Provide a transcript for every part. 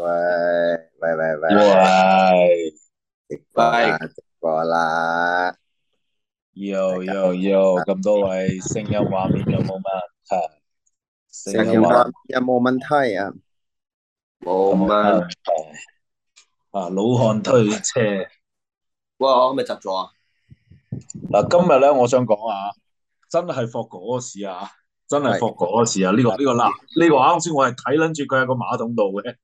喂喂喂喂，喂，得啦，得啦 Bye.，Yo Yo Yo，咁多位聲音畫面有冇問題？係聲音畫面有冇問題啊？冇乜，問題啊，啊，老漢推車，哇，我咪窒咗啊！嗱，今日咧，我想講下，真係霍哥事啊，的真係霍哥事啊，呢個呢個嗱，呢個啱先我係睇捻住佢喺個馬桶度嘅。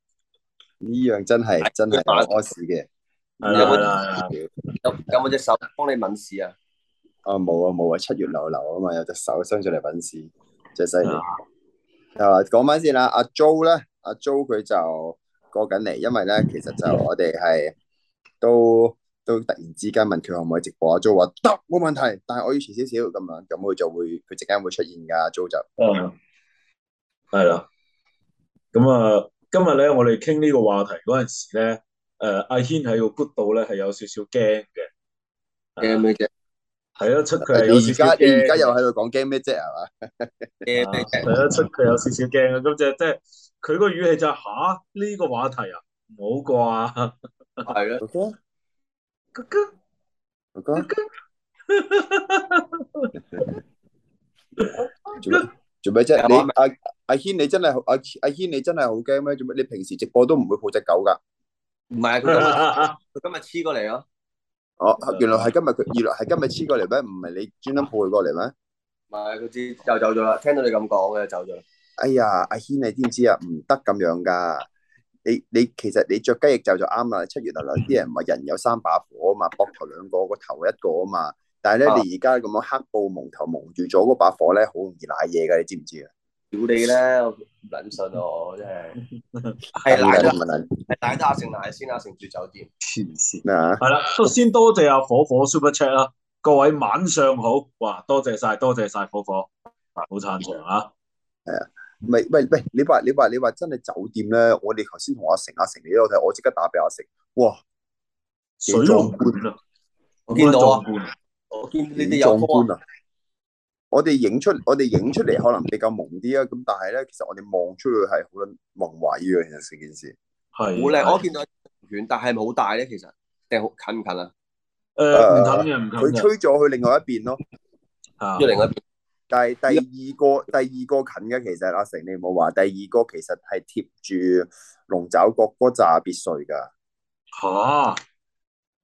呢樣真係真係屙屎嘅，有冇？有冇隻手幫你問事啊？哦，冇啊，冇啊，啊，七月流流啊嘛，有隻手伸出嚟問事，真係犀利。係嘛的？講翻先啦，阿 Jo 咧，阿 Jo 佢就過緊嚟，因為咧其實就我哋係都都突然之間問佢可唔可以直播。阿 Jo 話得冇問題，但係我要遲少少咁樣，咁佢就會佢即刻會出現㗎。阿 Jo 就嗯係啦，咁啊～、嗯啊今日咧，我哋傾呢個話題嗰陣時咧，誒、啊，阿軒喺個 Good 度咧，係有少少驚嘅，驚咩啫？睇得出佢有而家，你而家又喺度講驚咩啫？係嘛？睇得出佢有少少驚 Game 啊！咁即即係，佢個語氣就吓、是、呢、啊呢個話題啊，唔好啩？係啊，哥哥，哥哥，哥哥，哈哥哥 做咩啫？你阿阿軒，是是啊啊、軒你真係阿阿軒，啊、你真係好驚咩？做咩？你平時直播都唔會抱隻狗噶？唔係佢今日黐過嚟咯、啊。哦，原來係今日佢，原來係今日黐過嚟咩？唔係你專登抱佢過嚟咩？唔係佢知，就走咗啦。聽到你咁講，佢就走咗。哎呀，阿、啊、軒，你知唔知啊？唔得咁樣噶。你你其實你着雞翼就就啱啦。七月流流啲人唔係人有三把火啊嘛，膊頭兩個，個頭一個啊嘛。但係咧，你而家咁樣黑布蒙頭蒙住咗嗰把火咧，好容易賴嘢噶，你知唔知啊？屌你咧，我唔撚信我，真係係賴得，係賴得阿成賴先，阿成住酒店黐線啊！係啦，先多謝阿火火 Super Chat 啦，各位晚上好，哇，多謝曬，多謝曬，火火，好撐場啊！係啊，唔係，喂喂，你話你話你話真係酒店咧，我哋頭先同阿成阿成嚟咗睇，我即刻打俾阿成，哇，水龍貫啦，我見到啊！好壯觀啊！我哋影出，我哋影出嚟可能比較蒙啲啊。咁但係咧，其實我哋望出去係好宏偉啊。其實成件事係好靚。是是我見到遠，但係咪好大咧。其實定係好近唔近啊？誒、呃，唔近，佢吹咗去另外一邊咯。啊，另外一邊。但係第二個，第二個近嘅其實阿成，你冇話。第二個其實係貼住龍爪角嗰扎別墅噶。吓，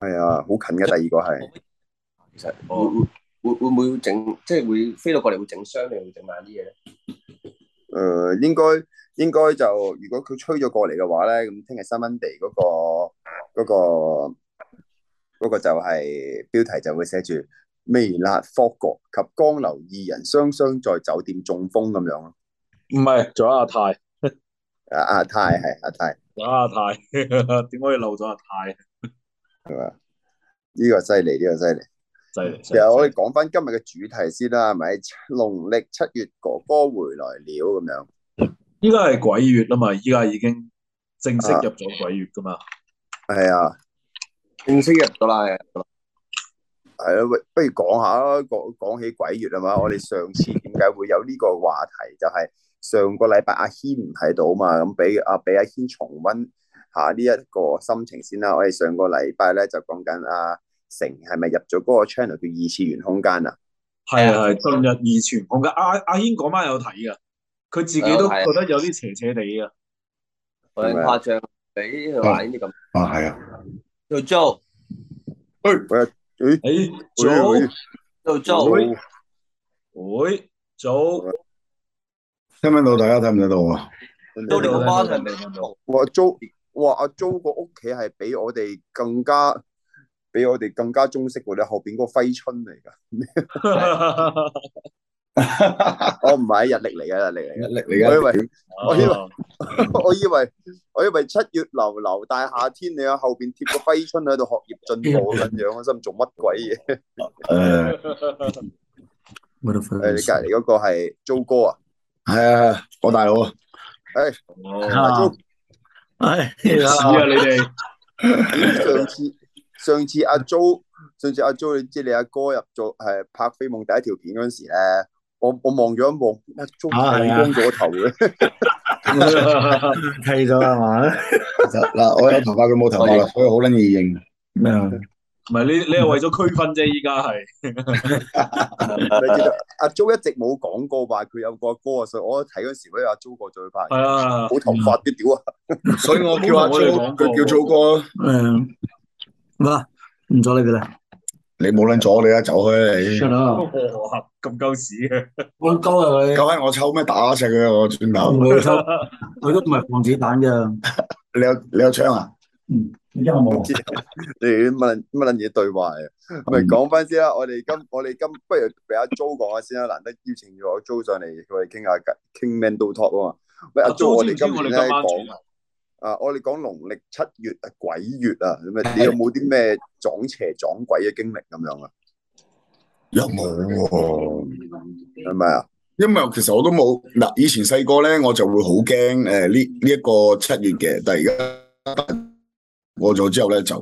係啊，好、哎、近嘅第二個係。其實我會會會會唔會整，即係會飛到過嚟會整傷你，會整爛啲嘢咧？誒，應該應該就如果佢吹咗過嚟嘅話咧，咁聽日新聞地嗰個嗰個嗰個就係標題就會寫住咩啦，霍國及江流二人雙雙在酒店中風咁樣咯。唔係，仲有阿泰。阿阿泰係阿泰。哇，阿泰點可 以漏咗阿泰？係 嘛？呢個犀利，呢個犀利。就係，其實我哋講翻今日嘅主題先啦，係咪？農曆七月哥哥回來了咁樣，應該係鬼月啦嘛，依家已經正式入咗鬼月噶嘛。係啊，啊正式入咗啦，係。啊，喂、啊，不如講下啦，講講起鬼月啊嘛。我哋上次點解會有呢個話題，就係、是、上個禮拜阿軒唔睇到啊嘛，咁俾阿俾阿軒重溫下呢一個心情先啦。我哋上個禮拜咧就講緊啊。成係咪入咗嗰個 channel 叫二次元空間啊？係啊係，進、hmm. 入二次元空間。阿阿軒嗰晚有睇噶，佢自己都覺得有啲邪邪地啊，好誇張，你佢玩呢啲咁。啊係啊，阿 Jo，喂，誒，早、哎，阿 Jo，喂，喂、哎，早、哎哎哎哎，聽唔聽到，大家睇唔睇到啊？都聽到。阿 Jo，啊啊、哇，阿 Jo 個屋企係比我哋更加。.俾我哋更加中式喎！你後邊嗰個揮春嚟噶，我唔係喺日曆嚟噶，日曆嚟噶。我以為我以為我以為我以為七月流流大夏天，你喺後邊貼個揮春喺度學業進步咁樣，我心做乜鬼嘢？誒，你隔籬嗰個係租哥啊？係啊，我大佬啊，係，阿阿，啊你哋，上次。上次阿 Jo，上次阿 Jo，你知你阿哥入做係拍《飛夢》第一條片嗰陣時咧，我我望咗一望阿 Jo 剃光嗰頭嘅，剃咗係嘛？嗱，我有頭髮，佢冇頭髮啦，所以好捻易認。咩啊？唔係呢？你係為咗區分啫，依家係。阿 Jo 一直冇講過話佢有個阿哥啊，所以我睇嗰時咧阿 Jo 過咗快，好係啊，冇頭髮啲屌啊，所以我叫阿 Jo，佢叫 Jo 哥咯。嗯。唔阻你哋啦，你冇捻阻我你啊，走開你。上、哦、啊，咁鳩屎嘅，戇鳩啊佢。究竟我抽咩打死佢啊！我轉頭佢 都唔係防子彈嘅。你有槍、啊、樂你有槍啊？嗯，一毫。你乜乜捻嘢對話啊？咪講翻先啦，我哋今我哋今不如俾阿 Jo 講下先啦， 難得邀請咗阿 Jo 上嚟，佢哋傾下偈，傾 men 到 talk 啊嘛。喂，阿 Jo，啊、我哋今日咧講。啊！我哋講農曆七月係、啊、鬼月啊！咁啊，你有冇啲咩撞邪撞鬼嘅經歷咁樣啊？有冇？係咪啊？因為其實我都冇嗱，以前細個咧，我就會好驚誒呢呢一個七月嘅。但係而家過咗之後咧，就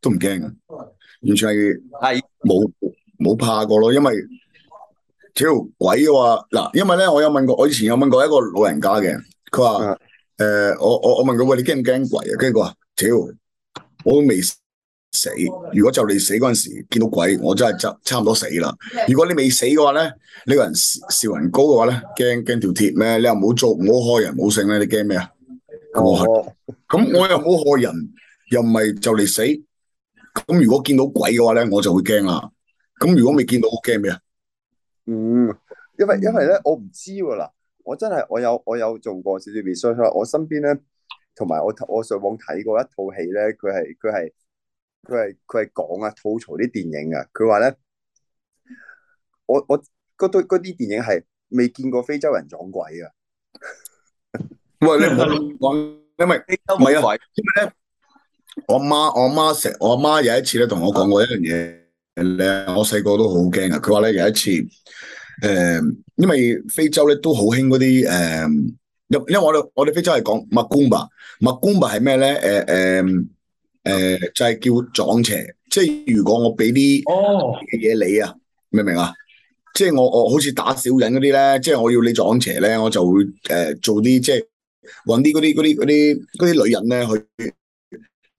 都唔驚嘅，完全係冇冇怕過咯。因為捉鬼嘅話嗱，因為咧我有問過，我以前有問過一個老人家嘅，佢話。誒、呃，我我我問佢喂，你驚唔驚鬼啊？跟住佢話，屌，我都未死。如果就嚟死嗰陣時見到鬼，我真係就差唔多死啦。如果你未死嘅話咧，你個人笑，笑人高嘅話咧，驚驚條鐵咩？你又冇做，冇害人，冇剩咧，你驚咩啊？我，咁、哦、我又好害人，又唔係就嚟死。咁如果見到鬼嘅話咧，我就會驚啦。咁如果未見到，我驚咩啊？嗯，因為因為咧，我唔知喎嗱。我真係我有我有做過少少 research，我身邊咧，同埋我我上網睇過一套戲咧，佢係佢係佢係佢係講啊，吐槽啲電影啊。佢話咧，我我嗰嗰啲電影係未見過非洲人撞鬼啊。 喂，你唔得亂講，因為非洲唔係，因為咧，我媽我媽成我媽有一次咧同我講過一樣嘢，我細個都好驚啊。佢話咧有一次。誒、嗯，因為非洲咧都好興嗰啲誒，因、嗯、因為我哋我哋非洲係講密棺吧，密棺吧係咩咧？誒誒誒，就係、是、叫撞邪，即係如果我俾啲嘢你啊，oh. 明唔明啊？即係我我好似打小人嗰啲咧，即係我要你撞邪咧，我就會誒、呃、做啲即係搵啲嗰啲啲啲啲女人咧去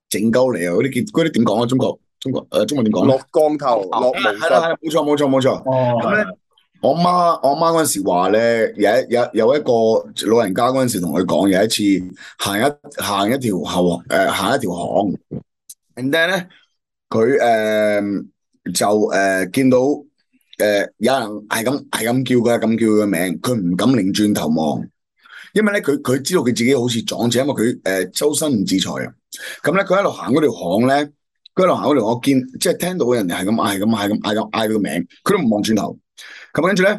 整鳩你啊！嗰啲叫嗰啲點講啊？中國中國誒、呃、中文點講？落光頭落係啦係冇錯冇錯冇錯。咁、啊我媽，我媽嗰陣時話咧，有有有一個老人家嗰陣時同佢講，有一次行一行一條巷，誒、呃、行一條巷，and then 咧佢誒就誒、呃、見到誒、呃、有人係咁係咁叫佢，咁叫佢個名，佢唔敢擰轉頭望，因為咧佢佢知道佢自己好似撞死，因為佢誒、呃、周身唔自在啊。咁咧佢一路行嗰條巷咧，佢一路行嗰條，我見即係聽到人哋係咁嗌，係咁嗌，咁嗌佢個名，佢都唔望轉頭。咁跟住咧，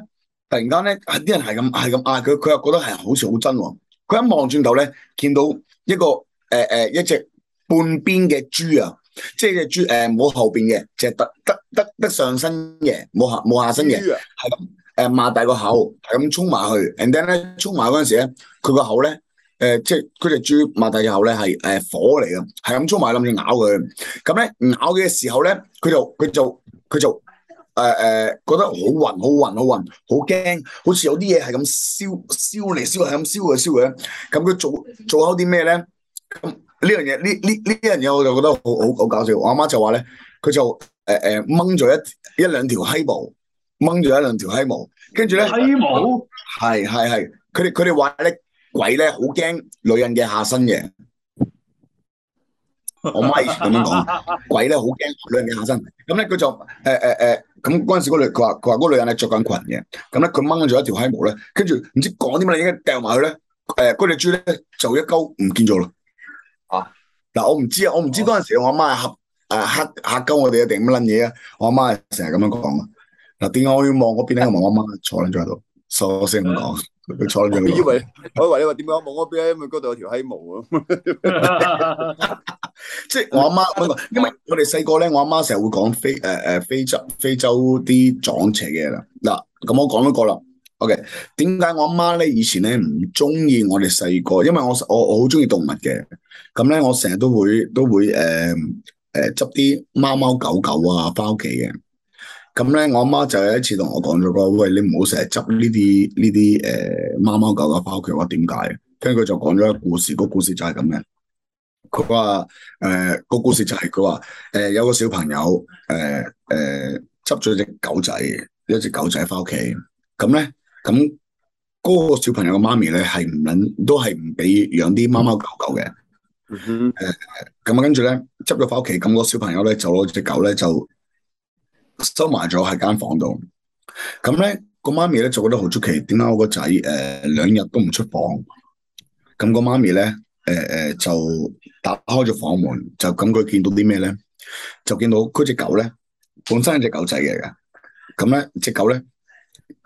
突然間咧，啲人係咁係咁嗌佢，佢又覺得係好似好真喎、哦。佢一望轉頭咧，見到一個誒誒、呃、一隻半邊嘅豬啊，即係隻豬誒冇後邊嘅，就係得得得得上身嘅，冇冇下身嘅，係咁誒擘大個口，係咁衝埋去，and then 咧衝埋嗰陣時咧，佢個口咧誒即係佢隻豬擘大嘅口咧係誒火嚟㗎，係咁衝埋諗住咬佢，咁咧咬嘅時候咧，佢就佢就佢就。誒誒，uh, uh, 覺得好暈好暈好暈，好驚，好似有啲嘢係咁燒燒嚟燒去，咁燒嘅燒嘅，咁佢做做開啲咩咧？咁呢樣嘢呢呢呢樣嘢我就覺得好好好搞笑。我阿媽就話咧，佢就誒誒掹咗一一兩條閪毛，掹咗一兩條閪毛，跟住咧閪毛係係係，佢哋佢哋話咧鬼咧好驚女人嘅下身嘅。 我媽以前咁樣講，鬼咧好驚女人嘅下身，咁咧佢就誒誒誒，咁嗰陣時嗰女，佢話佢話嗰女人係着緊裙嘅，咁咧佢掹咗一條閪毛咧，跟住唔知講啲乜嘢，已經掉埋去咧，誒嗰隻豬咧就一鳩唔見咗啦。啊，嗱我唔知啊，我唔知嗰陣時我阿媽係吓誒吓吓鳩我哋啊定乜撚嘢啊？我阿媽成日咁樣講啊，嗱點解我要望嗰邊咧？同埋 我阿媽坐喺度，收聲咁講。坐那 我以為，我以為你話點解望邊因為嗰度有條閪毛啊 即係我阿媽，因為我哋細個咧，我阿媽成日會講非誒誒非洲非洲啲撞邪嘅嘢啦。嗱，咁我講咗個啦，OK。點解我阿媽咧以前咧唔中意我哋細個？因為我我我好中意動物嘅，咁咧我成日都會都會誒誒執啲貓貓狗狗啊翻屋企嘅。咁咧，我阿媽就有一次同我講咗個，喂，你唔好成日執呢啲呢啲誒貓貓狗狗翻屋企，我點解？跟住佢就講咗一個故事，個故事就係咁嘅。佢話誒個故事就係佢話誒有個小朋友誒誒執咗隻狗仔，一隻狗仔翻屋企。咁咧咁嗰個小朋友嘅媽咪咧係唔能都係唔俾養啲貓貓狗狗嘅。咁啊、mm，跟住咧執咗翻屋企，咁、個小朋友咧就攞隻狗咧就。收埋咗喺間房度，咁咧個媽咪咧就覺得好出奇，點解我個仔誒兩日都唔出房？咁個媽咪咧誒誒就打開咗房門，就咁佢見到啲咩咧？就見到佢隻狗咧，本身係隻狗仔嚟嘅，咁咧隻狗咧，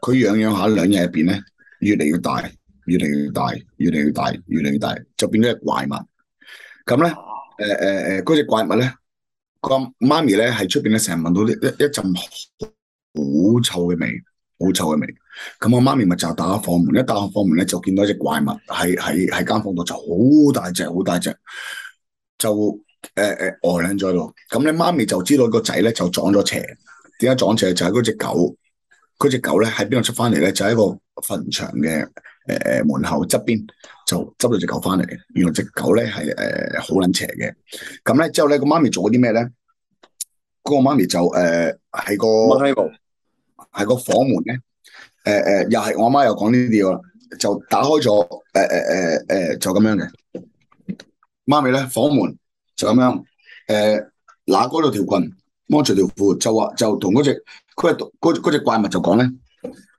佢養養下兩日入邊咧，越嚟越大，越嚟越大，越嚟越大，越嚟越大，就變咗隻怪物。咁咧誒誒誒，嗰隻怪物咧。個媽咪咧喺出邊咧成日聞到一一一陣好臭嘅味，好臭嘅味。咁我媽咪咪就打開房門，一打開房門咧就見到一隻怪物喺喺喺間房度，就好大隻，好大隻，就誒誒呆愣咗度。咁咧媽咪就知道個仔咧就撞咗邪，點解撞邪就係嗰隻狗。嗰隻狗咧喺邊度出翻嚟咧？就喺一個墳場嘅誒誒門口側邊就執咗隻狗翻嚟。原來隻狗咧係誒好撚斜嘅。咁咧之後咧個媽咪做咗啲咩咧？嗰、嗰個媽咪就誒係、呃、個門係個火門咧。誒、呃、誒，又係我阿媽又講呢啲嘢就打開咗誒誒誒誒，就咁樣嘅。媽咪咧火門就咁樣，誒嗱嗰度條裙。摸住條褲，就話就同嗰隻佢係隻怪物就講咧，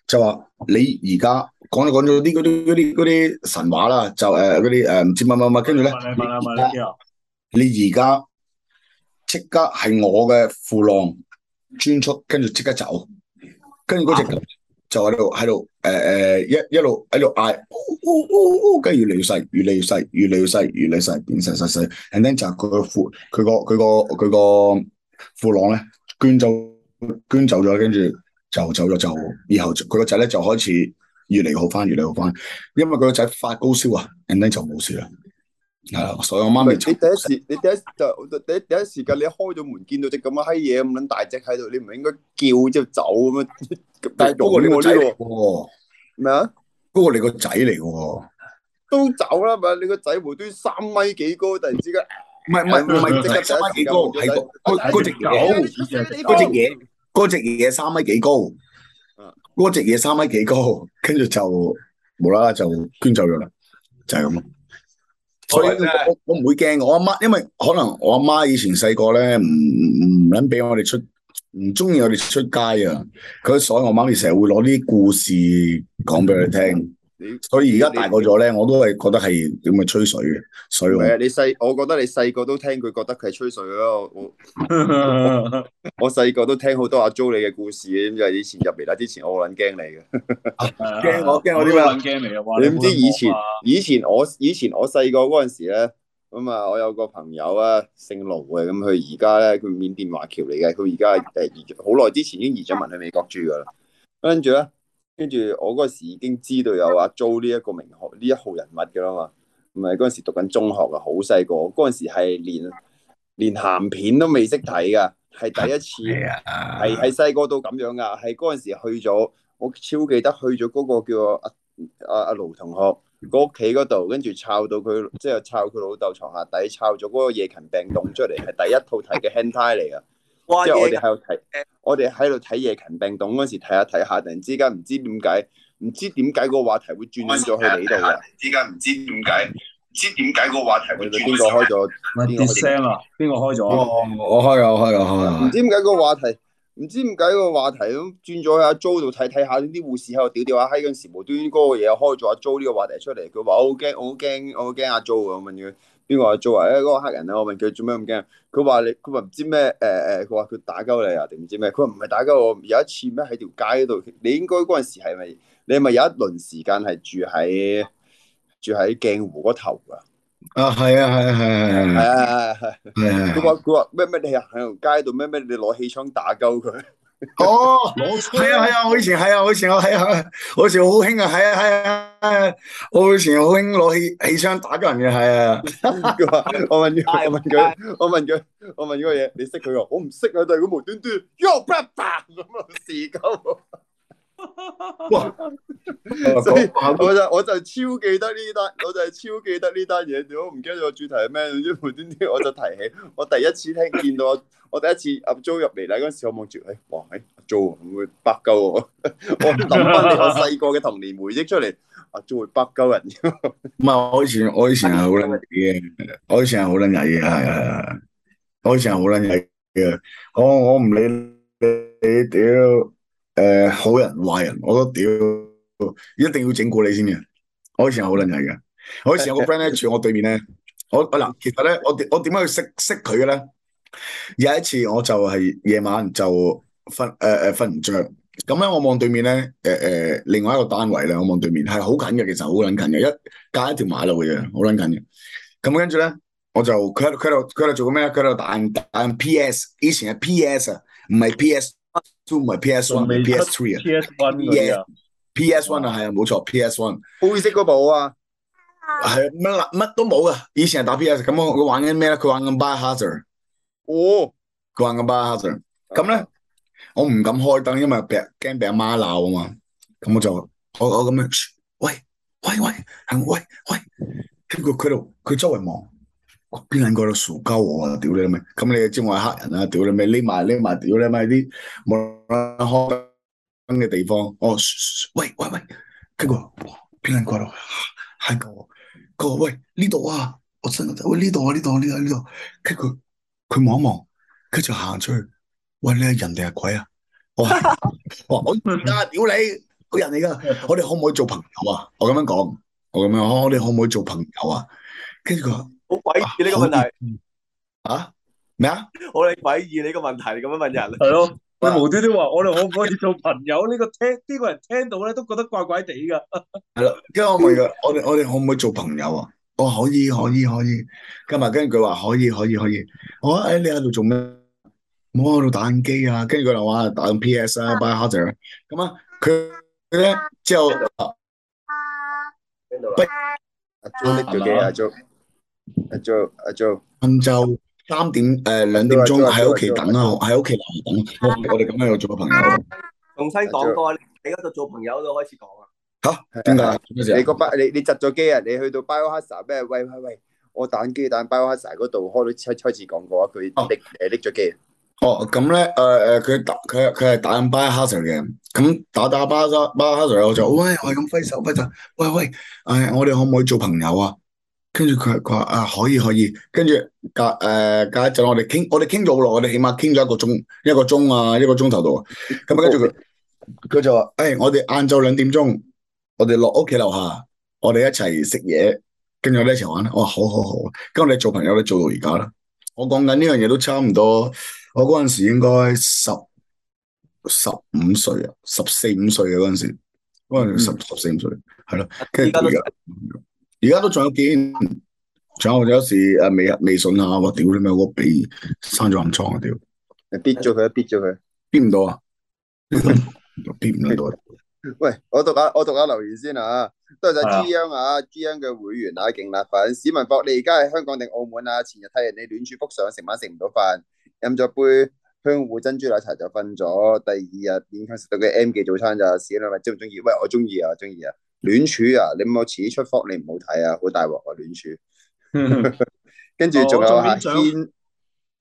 就話你而家講咗講咗啲嗰啲啲啲神話啦，就誒嗰啲誒唔知乜乜乜，跟住咧，你而家即刻係我嘅褲浪鑽出，跟住即刻走，跟住嗰隻就喺度喺度誒誒一一路喺度嗌，哦、哦、跟住越嚟越細，越嚟越細，越嚟越細，越嚟越細變細細細，and then 就佢個褲佢個佢個佢個。父郎咧捐走捐走咗，跟住就走咗就，就，就以後佢個仔咧就開始越嚟好翻越嚟好翻，因為佢個仔發高燒啊，然後就冇事啦，係啦，所以我媽咪你第一時你第一就第第一時間你開咗門見到隻咁嘅閪嘢咁撚大隻喺度，你唔係應該叫即係走咩？不過你冇個咩、這個、啊？不、那、過、個、你個仔嚟嘅，麼都走啦，你個仔無端三米幾高，突然之間。唔係唔係唔係一米幾高，係個隻狗，隻嘢，個隻嘢三米幾高，個隻嘢三米幾高，跟住就無啦啦就捐走咗啦，就係咁咯。所以我我唔會驚我阿媽，因為可能我阿媽以前細個咧，唔唔唔諗俾我哋出，唔中意我哋出街啊。佢所以我媽咪成日會攞啲故事講俾佢聽。你所以而家大個咗咧，你我都係覺得係點嘅吹水嘅，所以、啊、你細，我覺得你細個都聽佢，覺得佢係吹水咯。我我細個 都聽好多阿 Jo 你嘅故事嘅，咁就以前入嚟勒，之前我， 啊啊、我好撚驚你嘅，驚我驚我點驚你你唔知以前以前我以前我細個嗰陣時咧咁啊，我有個朋友啊，姓盧嘅，咁佢而家咧，佢緬甸華僑嚟嘅，佢而家誒移好耐之前已經移咗民去美國住噶啦，跟住咧。跟住我嗰時已經知道有阿 Jo 呢一個名學呢一號人物嘅啦嘛，唔係嗰陣時讀緊中學啊，好細個，嗰陣時係連連鹹片都未識睇嘅，係第一次，係係細個到咁樣噶，係嗰陣時去咗，我超記得去咗嗰個叫阿阿阿盧同學個屋企嗰度，跟住摷到佢即係摷佢老豆床下底摷咗嗰個夜勤病棟出嚟，係第一套睇嘅 Hentai 嚟啊！即係我哋喺度睇，我哋喺度睇夜勤病棟嗰時睇下睇下，突然之間唔知點解，唔知點解個話題會轉咗去你度啦。突然之間唔知點解，唔知點解個話題會轉咗。開咗，邊個、啊？邊個開咗？我我開啊！我開啊！我開啊！唔知點解個話題，唔知點解個話題都轉咗喺阿 Jo 度睇睇下。啲護士喺度屌屌阿嗨嗰陣時無端端嗰個嘢開咗阿 Jo 呢個話題出嚟。佢話：我好驚，我好驚，我好驚阿 Jo 啊！我問佢。邊個作為一個黑人咧，我問佢做咩咁驚？佢話你，佢話唔知咩誒誒，佢話佢打鳩你啊，定唔知咩？佢話唔係打鳩我。有一次咩喺條街度，你應該嗰陣時係咪你係咪有一輪時間係住喺住喺鏡湖嗰頭噶？啊，係啊，係啊，係係係係係係。佢話佢話咩咩？你行喺條街度咩咩？你攞氣槍打鳩佢。哦，冇係、喔、啊係春啊，我以前係啊，我以前、啊、我係啊，我以前好興啊，係啊係啊，我以前好興攞起氣槍打個人嘅，係啊，佢話我問佢一，哎、呀 我問佢，我問佢，我問呢個嘢，你識佢喎，我唔識啊，但係佢無端端，Yo，啪咁 哇！所以我就我就超記得呢單，我就係超記得呢單嘢。如果唔記得個主題係咩，總之頭先啲我就提起。我第一次聽見到我，我第一次阿 Jo 入嚟啦，嗰陣時，我望住，哎，哇，哎，Jo 會北鳩，我諗翻我細個嘅童年回憶出嚟，阿 Jo 會北鳩人。唔係我以前，我以前係好捻曳嘅，我以前係好捻曳嘅，係係係，我以前係好捻曳嘅。我我唔理你，你屌。誒、呃，好人壞人，我都屌，一定要整蠱你先嘅。我以前好捻曳嘅，我以前有個 friend 咧住我對面咧，我我嗱，其實咧我我點樣去識識佢嘅咧？有一次我就係夜晚就瞓誒誒瞓唔着，咁、呃、咧我望對面咧，誒、呃、誒另外一個單位啦，我望對面係好近嘅，其實好捻近嘅，一隔一條馬路嘅啫，好捻近嘅。咁跟住咧，我就佢佢佢喺度做咩？佢喺度彈彈 PS，以前嘅 PS 啊，唔係 PS。都唔係 P S one，P S three 啊，P S one 啊，係啊，冇錯 P S one，灰色嗰部啊，係乜乜都冇啊，以前打 P S，咁我玩緊咩咧？佢玩緊《Biohazard》，哦，佢玩緊《Biohazard》，咁咧我唔敢開燈，因為怕驚俾阿媽鬧啊嘛，咁我就我我咁樣，喂喂喂，行喂喂，跟住佢度佢周圍望。邊諗過到傻鳩我啊！屌你老味，咁你又知我係黑人啦！屌你老味匿埋匿埋，屌你老味啲冇開燈嘅地方。哦喂喂喂，跟住話邊諗過到係個佢話喂，呢度啊！我真我真喂呢度啊，呢度呢度呢度。跟住佢佢望一望，跟住就行出去。喂，你係人定係鬼啊？我話我話唔係啊！屌你，好人嚟噶。我哋可唔可以做朋友啊？我咁樣講，我咁樣，我哋可唔可以做朋友啊？跟住佢。好詭異，呢個問題，啊咩啊？我哋詭異呢個問題，你咁樣問人係咯？佢無端端話我哋可唔可以做朋友？呢個聽呢個人聽到咧都覺得怪怪地噶。係啦，跟住我問佢：我哋我哋可唔可以做朋友啊？我可以，可以，可以。今日跟住佢話可以，可以，可以。我話誒，你喺度做咩？我喺度打緊機啊。跟住佢話哇，打 P.S. 啊 t enrollment 入 Jugend，擺下 haters。咁啊，佢咧之後，做啊，條嘅啊，阿阿、啊、Joe，Joe，、啊、晏晝三點誒兩、呃、點鐘喺屋企等啦、啊，喺屋企樓等。我我哋咁樣度做個朋友。重新講過，你喺度做朋友都度開始講啊？吓，點解？你嗰班你你窒咗機啊？你去到 Biohazard 咩？喂喂喂，我打機打 Biohazard 嗰度開都開開始講過啊，佢拎誒拎咗機。哦、嗯，咁咧誒誒，佢、呃、打佢佢係打 Biohazard 嘅，咁打打 Biohazard，我就喂，我係咁揮手揮手，喂喂，誒，我哋可唔可以做朋友啊？跟住佢佢話啊，可以可以，跟住隔誒隔一陣我哋傾我哋傾咗好耐，我哋起碼傾咗一個鐘一個鐘啊一個鐘頭到，咁啊跟住佢佢就話誒、哎，我哋晏晝兩點鐘，我哋落屋企樓下，我哋一齊食嘢，跟住我哋一齊玩啦。我話好好好，咁我哋做朋友咧做到而家啦。我講緊呢樣嘢都差唔多，我嗰陣時應該十十五歲啊，十四五歲嘅嗰陣時，陣、嗯、十十四五歲係咯，跟住。而家都仲有見，仲有有時誒微微信啊，我屌你咪我鼻生咗暗瘡啊屌！那個、屌逼咗佢，逼咗佢，逼唔到啊！逼唔到！喂，我讀下我讀下留言先啊，多謝 G N 啊，G N 嘅、啊、會員啊，勁辣粉！市民博，你而家喺香港定澳門啊？前日睇人哋暖處福，o 上成晚食唔到飯，飲咗杯香芋珍珠奶茶就瞓咗，第二日勉強食到嘅 M 記早餐就、啊？市民伯中唔中意？喂，我中意啊，中意啊！戀柱啊！你冇錢出貨，你唔好睇啊，好大鑊啊！戀柱，跟住仲有阿軒、 哦，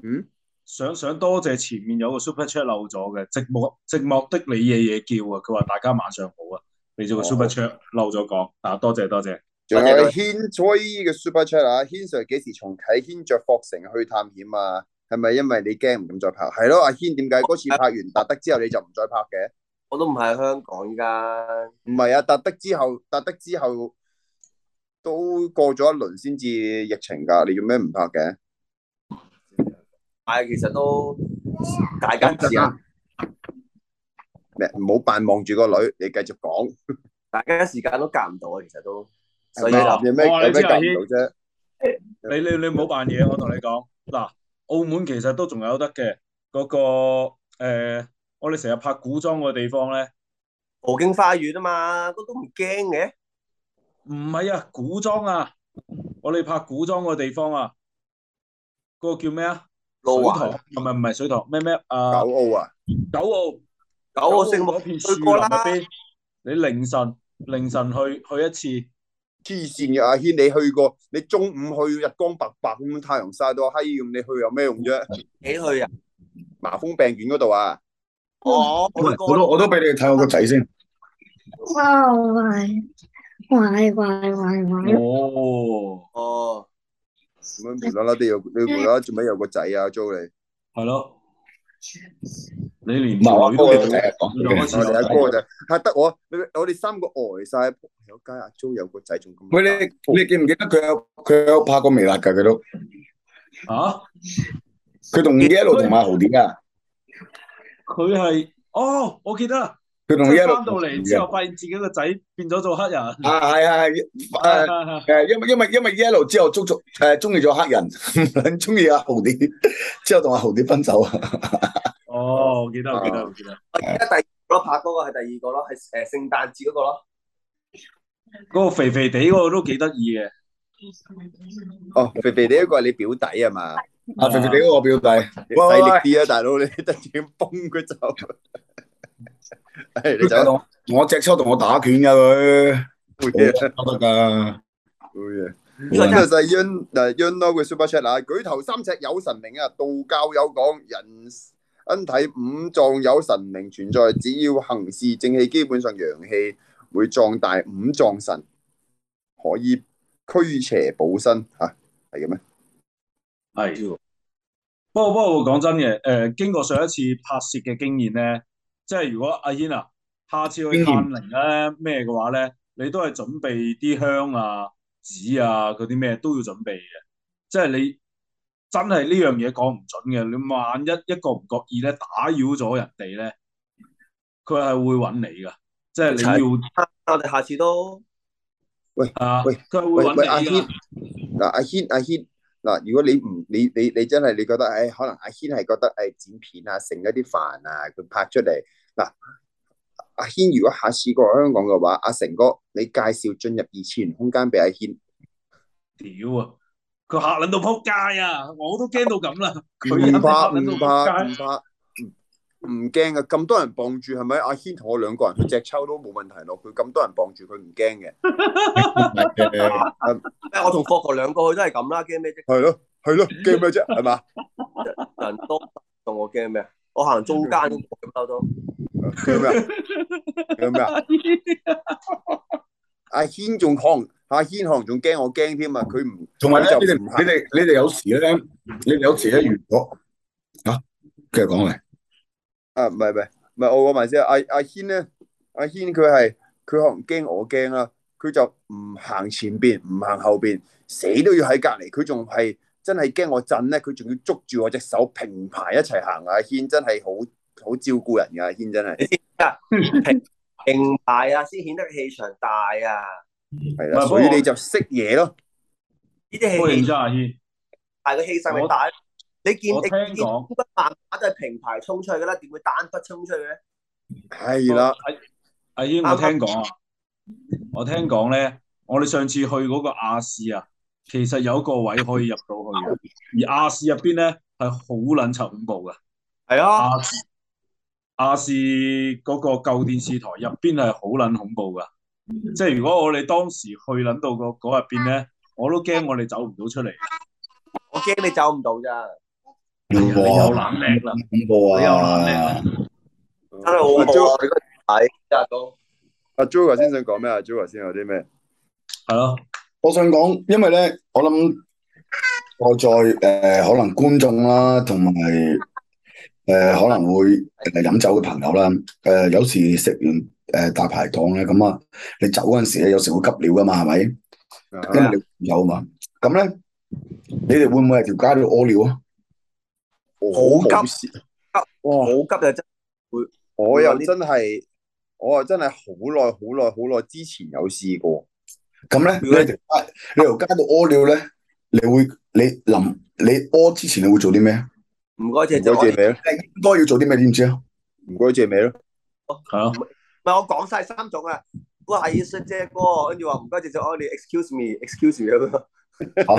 嗯、啊，想想多謝前面有個 super chat 漏咗嘅，寂寞寂寞的你夜夜叫啊，佢話大家晚上好啊，你做個 super chat 漏咗講，哦、啊多謝多謝，仲有阿軒 joy 嘅 super chat 啊，軒 sir 幾時重啟軒著霍城去探險啊？係咪因為你驚唔敢再拍？係咯、啊，阿軒點解嗰次拍完達德之後你就唔再拍嘅？我都唔係香港依家，唔係啊！達德之後，達德之後都過咗一輪先至疫情噶，你做咩唔拍嘅？但係其實都大家時間咩？唔好扮望住個女，你繼續講。大家時間都夾唔到啊，其實都。所以有咩有咩夾唔到啫？你你你唔好扮嘢，我同你講。嗱，澳門其實都仲有得嘅，嗰個誒。我哋成日拍古裝個地方咧，葡京花園啊嘛，都唔驚嘅。唔係啊，古裝啊，我哋拍古裝個地方啊，嗰個叫咩啊？水塘？唔係唔係水塘，咩咩？誒、啊，九澳啊，九澳，九澳。聖母嗰片樹林入邊，你凌晨凌晨去去一次。黐線嘅阿軒，你去過？你中午去日光白白咁樣，太陽曬到閪咁，你去有咩用啫？你去，去啊？麻風病院嗰度啊？哦，我都我都俾你睇我個仔先。哇，怪怪怪怪！哦，哦，咁樣無啦啦，啲又你無啦啦，做咩有個仔啊？阿 Jo 你係咯，你連麥都唔識講。阿哥就係得我，我哋三個呆晒喺鋪頭街。阿 Jo 有個仔仲咁。喂你你記唔記得佢有佢有拍過微辣噶？佢都啊，佢同李一路同阿豪點啊？佢係哦，我記得佢同 Yellow 翻到嚟之後，發現自己個仔變咗做黑人。啊係係係，誒因為因為因為 Yellow 之後足足誒中意咗黑人，中意阿豪啲，之後同阿豪啲分手。哦，我記得，啊、我記得，我記得，我記得。而家第咯拍嗰個係第二個咯，係誒聖誕節嗰、嗰個咯。嗰個肥肥哋嗰個都幾得意嘅。 哦，肥肥哋嗰個係你表弟啊嘛？啊！直接俾我表弟，犀利啲啊，大佬，你突然咁崩佢走，你走得到？我隻秋同我打拳噶佢，得噶。咁啊，細腰嗱，腰多會 Super Chat 嗱，舉頭三尺有神明啊，道教有講，人體五臟有神明存在，只要行事正氣，基本上陽氣會壯大五臟神可以驅邪補身吓，係咁咩？係，不過不過講真嘅，誒、呃，經過上一次拍攝嘅經驗咧，即係如果阿燕啊，下次去探靈咧咩嘅話咧，你都係準備啲香啊、紙啊嗰啲咩都要準備嘅，即係你真係呢樣嘢講唔準嘅，你萬一一個唔覺意咧打擾咗人哋咧，佢係會揾你噶，即係你係要，我哋下次都，喂、啊、喂，喂阿燕，嗱阿燕阿燕。嗱，如果你唔，你你你真係，你覺得，誒、哎，可能阿軒係覺得，誒、哎，剪片啊，剩一啲飯啊，佢拍出嚟。嗱，阿軒如果下次過香港嘅話，阿成哥，你介紹進入二次元空間俾阿軒。屌啊！佢嚇撚到撲街啊！我都驚到咁啦。佢五百五百五百。唔驚噶，咁多人傍住係咪？阿軒同我兩個人去隻抽都冇問題咯。佢咁多人傍住，佢唔驚嘅。我同霍豪兩個去都係咁啦，驚咩啫？係咯，係咯，驚咩啫？係嘛，人多同我驚咩？我行中間咁兜兜。驚咩？驚咩？阿軒仲抗，阿軒可能仲驚我驚添啊！佢唔同埋你哋你哋有時咧，你哋有時咧，如果吓繼續講嚟。啊，唔係，唔係，唔係，我講埋先，阿阿軒咧，阿軒佢係佢可能驚我驚啦，佢就唔行前邊，唔行後邊，死都要喺隔籬。佢仲係真係驚我震咧，佢仲要捉住我隻手平排一齊行啊，啊，啊！軒真係好好照顧人噶，軒真係。平平排啊，先顯得氣場大啊。係啦， 所以你就識嘢咯。呢啲係氣場啊，軒。係個氣勢好大。你見，我聽講，筆法都係平排衝出去嘅啦，點會單筆衝出去咧？係啦、啊，阿阿英，我聽講，我聽講咧，我哋上次去嗰個亞視啊，其實有一個位可以入到去嘅，而亞視入邊咧係好撚臭恐怖嘅，係啊，亞亞視嗰個舊電視台入邊係好撚恐怖嘅， 即係如果我哋當時去撚到個嗰入邊咧，我都驚我哋走唔到出嚟，我驚你走唔到咋？哎、冷哇我有冷氣啦，恐怖啊！真係好恐怖。阿 Jo，阿 Jo 先想講咩啊？Jo 先有啲咩？係咯，我想講，因為咧，我諗我再誒，可能觀眾啦，同埋誒，可能會係飲酒嘅朋友啦。誒，有時食完誒大排檔咧，咁啊，你走嗰陣時咧，有時會急尿噶嘛，係咪？因為你有嘛。咁咧，你哋會唔會係條街度屙尿啊？好急，哇急，好急嘅真會，我又真係，嗯、我啊真係好耐好耐好耐之前有試過。咁咧會，你由街，你由街度屙尿咧，你會你臨你屙之前你會做啲咩？唔該借借位咯，應該要做啲咩點知啊？唔該借位咯。哦係啊，唔係我講晒三種啊。喂，係要借借哥，跟住話唔該借借我你，excuse me，excuse me 好。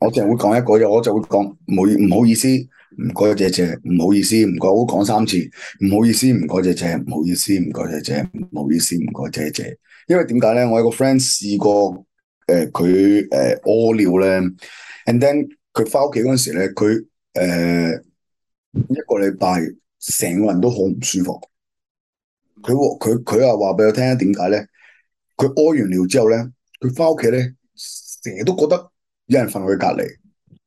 我淨係會講一個嘢，我就會講唔好唔好意思，唔該謝謝，唔好意思，唔該，我講三次，唔好意思，唔該謝謝，唔好意思，唔該謝謝，唔好意思，唔該謝謝。因為點解咧？我有個 friend 試過，誒、呃，佢誒屙尿咧，and then 佢翻屋企嗰陣時咧，佢誒、呃、一個禮拜成個人都好唔舒服。佢佢佢又話俾我聽點解咧？佢屙完尿之後咧，佢翻屋企咧，成日都覺得。有人瞓佢隔籬，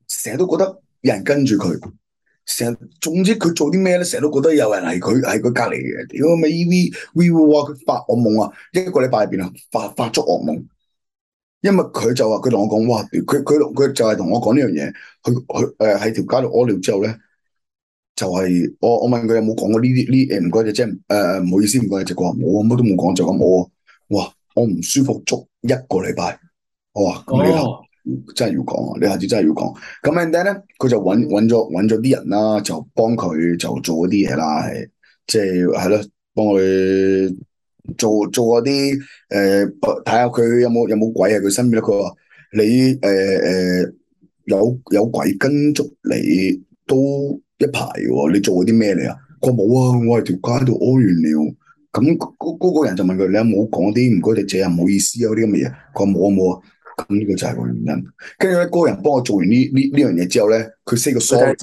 成日都覺得有人跟住佢。成日總之佢做啲咩咧？成日都覺得有人係佢係佢隔籬嘅。屌咪 v v v 哇！佢發惡夢啊，一個禮拜入邊啊，發發足惡夢。因為佢就話佢同我講哇，佢佢佢就係同我講呢樣嘢。佢佢誒喺條街度屙尿之後咧，就係、是、我我問佢有冇講過呢啲呢誒唔該你只誒唔好意思唔該你只哥，我乜都冇講就咁、是、我哇我唔舒服足一個禮拜，我話咁你啊。哦真係要講啊！你下次真係要講。咁 Andy 咧，佢就搵搵咗搵咗啲人啦，就幫佢就做嗰啲嘢啦，係即係係咯，幫佢做做嗰啲誒，睇下佢有冇有冇鬼啊！佢身邊，佢話你誒誒，有有鬼跟足你都一排喎！你做嗰啲咩嚟啊？佢冇啊，我係條街度屙完尿。咁嗰嗰個人就問佢：你有冇講啲唔該啲姐啊？唔好意思啊，啲咁嘅嘢。佢話冇啊冇啊。咁呢個就係個原因，跟住咧，嗰個人幫我做完呢呢呢樣嘢之後咧，佢食個燒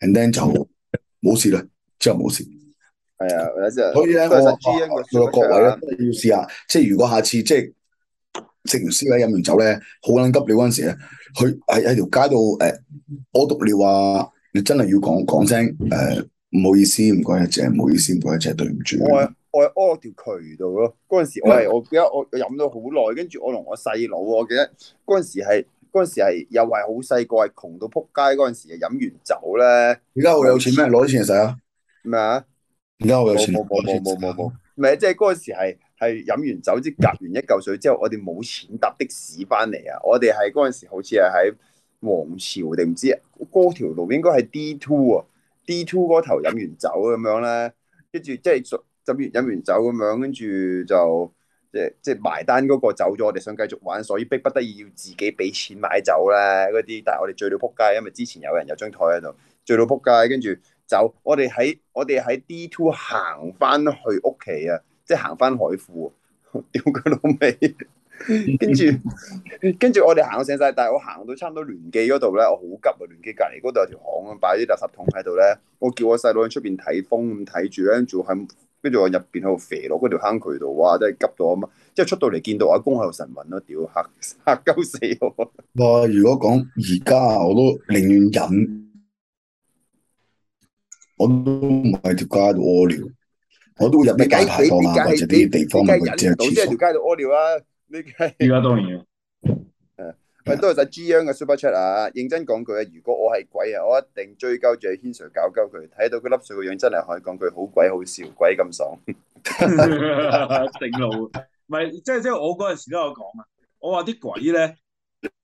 ，and then 就冇事啦，之後冇事。係啊，所以咧 我 我，我各位咧 要試下，即係如果下次即係食完宵啊飲完酒咧，好撚急尿嗰陣時咧，去喺喺條街度誒屙篤尿啊，你真係要講講聲誒唔好意思，唔該阿姐，唔好意思，唔該阿姐，對唔住。 我屙喺條渠度咯，嗰陣時我係我記得我飲咗好耐，我跟住我同我細佬，我記得嗰陣時係嗰陣時係又係好細個，係窮到仆街嗰陣時，飲完酒咧。而家好有錢咩？攞啲錢使啊？咩啊麼？而家我有錢冇冇冇冇冇冇。唔係，即係嗰陣時係係飲完酒即隔完一嚿水之後，我哋冇錢搭的士翻嚟啊！我哋係嗰陣時好似係喺皇朝定唔知啊？嗰條路應該係 D two 啊，D two 嗰頭飲完酒咁樣咧，跟住即係。飲完飲完酒咁樣，跟住就即係即係埋單嗰個走咗，我哋想繼續玩，所以逼不得已要自己俾錢買酒咧。嗰啲，但係我哋醉到仆街，因為之前有人有張台喺度醉到仆街，跟住 走。我哋喺我哋喺 D Two 行翻去屋企啊，即係行翻海富。屌佢老味。跟住跟住我哋行到成曬，但係我行到差唔多聯記嗰度咧，我好急啊！聯記隔離嗰度有條巷啊，擺啲垃圾桶喺度咧，我叫我細佬喺出邊睇風咁睇住咧，住喺。跟住我入邊喺度肥佬嗰條坑渠度，哇！真係急到啊嘛！即係出到嚟見到阿公喺度神問咯，屌吓吓鳩死我！哇！如果講而家，我都寧願忍，我都唔喺條街度屙尿，我都入咩街排檔或者啲地方唔會即係廁所。即係條街度屙尿啊！依家當然。係都係睇 G y 嘅 Super Chat 啊！認真講句啊，如果我係鬼啊，我一定追究住阿軒 Sir 搞鳩佢。睇到佢粒水個樣真係可以講句好鬼好笑，鬼咁爽。 定路唔係即係即係我嗰陣時都有講啊。我話啲鬼咧，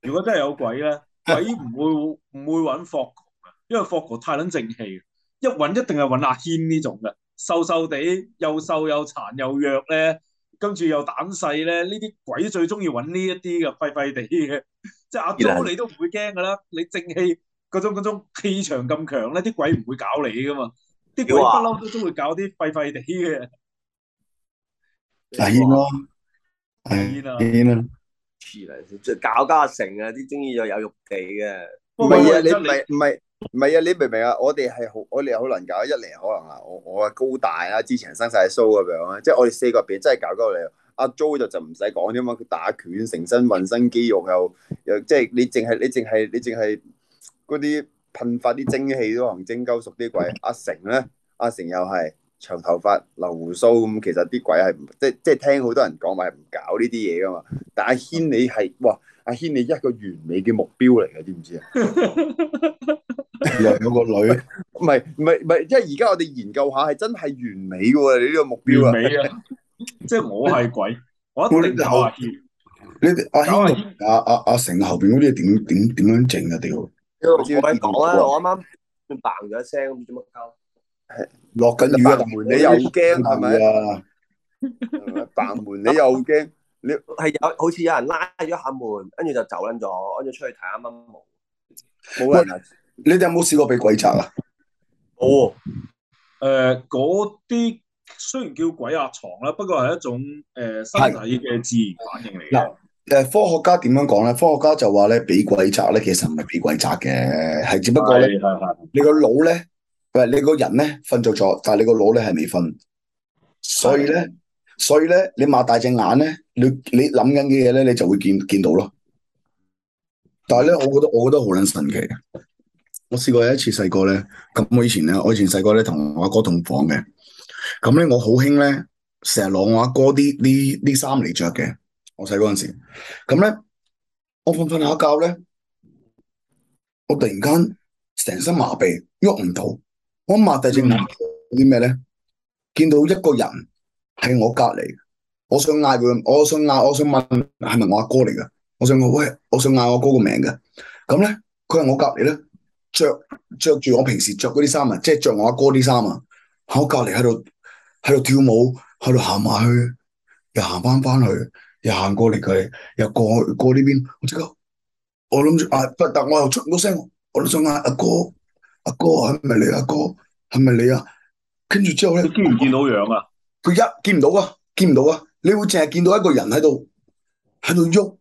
如果真係有鬼咧，鬼唔會唔會揾霍強啊，因為霍強太撚正氣，一揾一定係揾阿軒呢種嘅，瘦瘦地又瘦又殘又弱咧，跟住又膽細咧，呢啲鬼最中意揾呢一啲嘅廢廢地嘅。灰灰即係阿祖，你都唔會驚㗎啦，你正氣嗰種嗰種氣場咁強咧，啲鬼唔會搞你㗎嘛。啲鬼不嬲都中意搞啲廢廢地嘅。咯，即係搞家成啊！啲中意又有肉地嘅。唔係啊，你唔係唔係唔係啊！你明唔明啊？我哋係好，我哋好難搞。一嚟可能啊，我我係高大啦，之前生曬須咁樣啦，即係我哋四個變真係搞鳩你。阿 Jo 就就唔使講啫嘛，佢打拳成身渾身肌肉又又即係你淨係你淨係你淨係嗰啲噴發啲蒸氣咯，可能蒸鳩熟啲鬼。阿成咧，阿成又係長頭髮留胡鬚咁，其實啲鬼係唔即即係聽好多人講話係唔搞呢啲嘢噶嘛。但阿軒你係哇，阿軒你一個完美嘅目標嚟嘅，知唔知啊？有個女，唔係唔係唔係，即係而家我哋研究下係真係完美嘅喎，你呢個目標啊？即係我係鬼，我一呢只後阿謙，呢阿謙阿阿阿成後邊嗰啲點點點樣整啊屌！我知我知，我啱啱嘭咗一聲，咁做乜鳩？係落緊雨啊！門你又驚係咪啊？嘭門你又驚？你係有好似有人拉咗下門，跟住就走撚咗，跟住出去睇下乜冇冇人。你哋有冇試過俾鬼抓啊？哦誒，嗰啲。雖然叫鬼壓、啊、床啦，不過係一種誒身、呃、體嘅自然反應嚟。嗱，誒科學家點樣講咧？科學家就話咧，俾鬼責咧，其實唔係俾鬼責嘅，係只不過咧，你個腦咧，唔你個人咧，瞓着咗，但係你個腦咧係未瞓，所以咧，的所以咧，你擘大隻眼咧，你你諗緊嘅嘢咧，你就會見見到咯。但係咧，我覺得我覺得好撚神奇啊！我試過有一次細個咧，咁我以前咧，我以前細個咧，同我阿哥同房嘅。咁咧，我好興咧，成日攞我阿哥啲啲啲衫嚟着嘅。我細嗰陣時，咁咧我瞓瞓下覺咧，我突然間成身麻痹，喐唔到。我擘大隻眼，啲咩咧？見到一個人喺我隔籬，我想嗌佢，我想嗌，我想問係咪我阿哥嚟噶？我想我喂，我想嗌我哥個名噶。咁咧，佢喺我隔籬咧，着着住我平時着嗰啲衫啊，即係着我阿哥啲衫啊，喺我隔籬喺度。喺度跳舞，喺度行埋去，又行翻翻去，又行過嚟佢，又過去過呢邊。我即刻，我諗住嗌，不，但我又出唔到聲。我都想嗌阿哥，阿哥係咪你啊？阿哥係咪你啊？跟住之後咧，佢見唔見到樣啊？佢一見唔到啊，見唔到啊！你會淨係見到一個人喺度，喺度喐。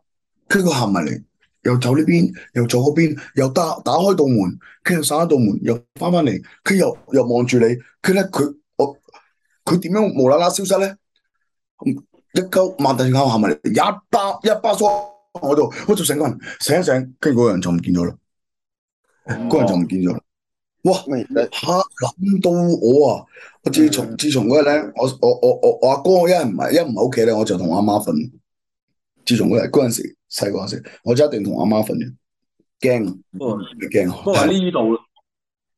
跟住佢行埋嚟，又走呢邊，又走嗰邊，又打打開道門，跟住閂一道門，又翻翻嚟，佢又又望住你，跟咧佢。佢點樣無啦啦消失咧？一溝萬大眼行埋嚟，一包一包梳我度，好似成個人醒一醒，跟住嗰個人就唔見咗啦。嗰、哦、人就唔見咗。哇！吓諗白、啊、到我啊！我自從、嗯、自從嗰日咧，我我我我我阿哥我一唔係一唔喺屋企咧，我就同阿媽瞓。自從嗰日嗰陣時細個嗰時，我就一定同阿媽瞓嘅，驚啊！不過呢度，怕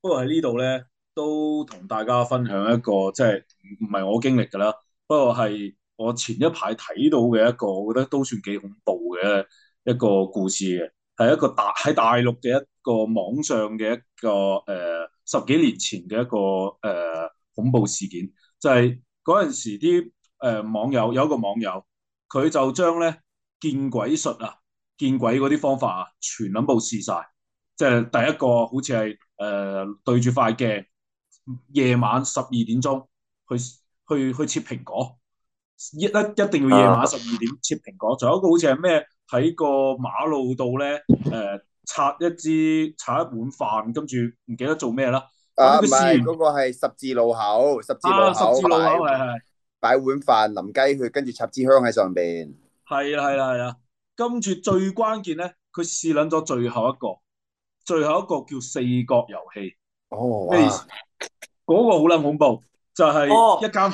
不過喺是呢度咧。都同大家分享一個，即係唔係我經歷㗎啦，不過係我前一排睇到嘅一個，我覺得都算幾恐怖嘅一個故事嘅，係一個大喺大陸嘅一個網上嘅一個誒、呃、十幾年前嘅一個誒、呃、恐怖事件，就係嗰陣時啲誒、呃、網友有一個網友，佢就將咧見鬼術啊、見鬼嗰啲方法啊，全諗部試晒。即係第一個好似係誒對住塊鏡。夜晚十二點鐘去去去切蘋果，一一定要夜晚十二點切蘋果。仲、啊、有一個好似係咩喺個馬路度咧，誒、呃、插一支，拆一碗飯，跟住唔記得做咩啦。唔係嗰個係十字路口，十字路口係係擺碗飯淋雞血，跟住插支香喺上邊。係啦係啦係啦，跟住最關鍵咧，佢試捻咗最後一個，最後一個叫四角遊戲。哦。嗰個好撚恐怖，就係、是、一間房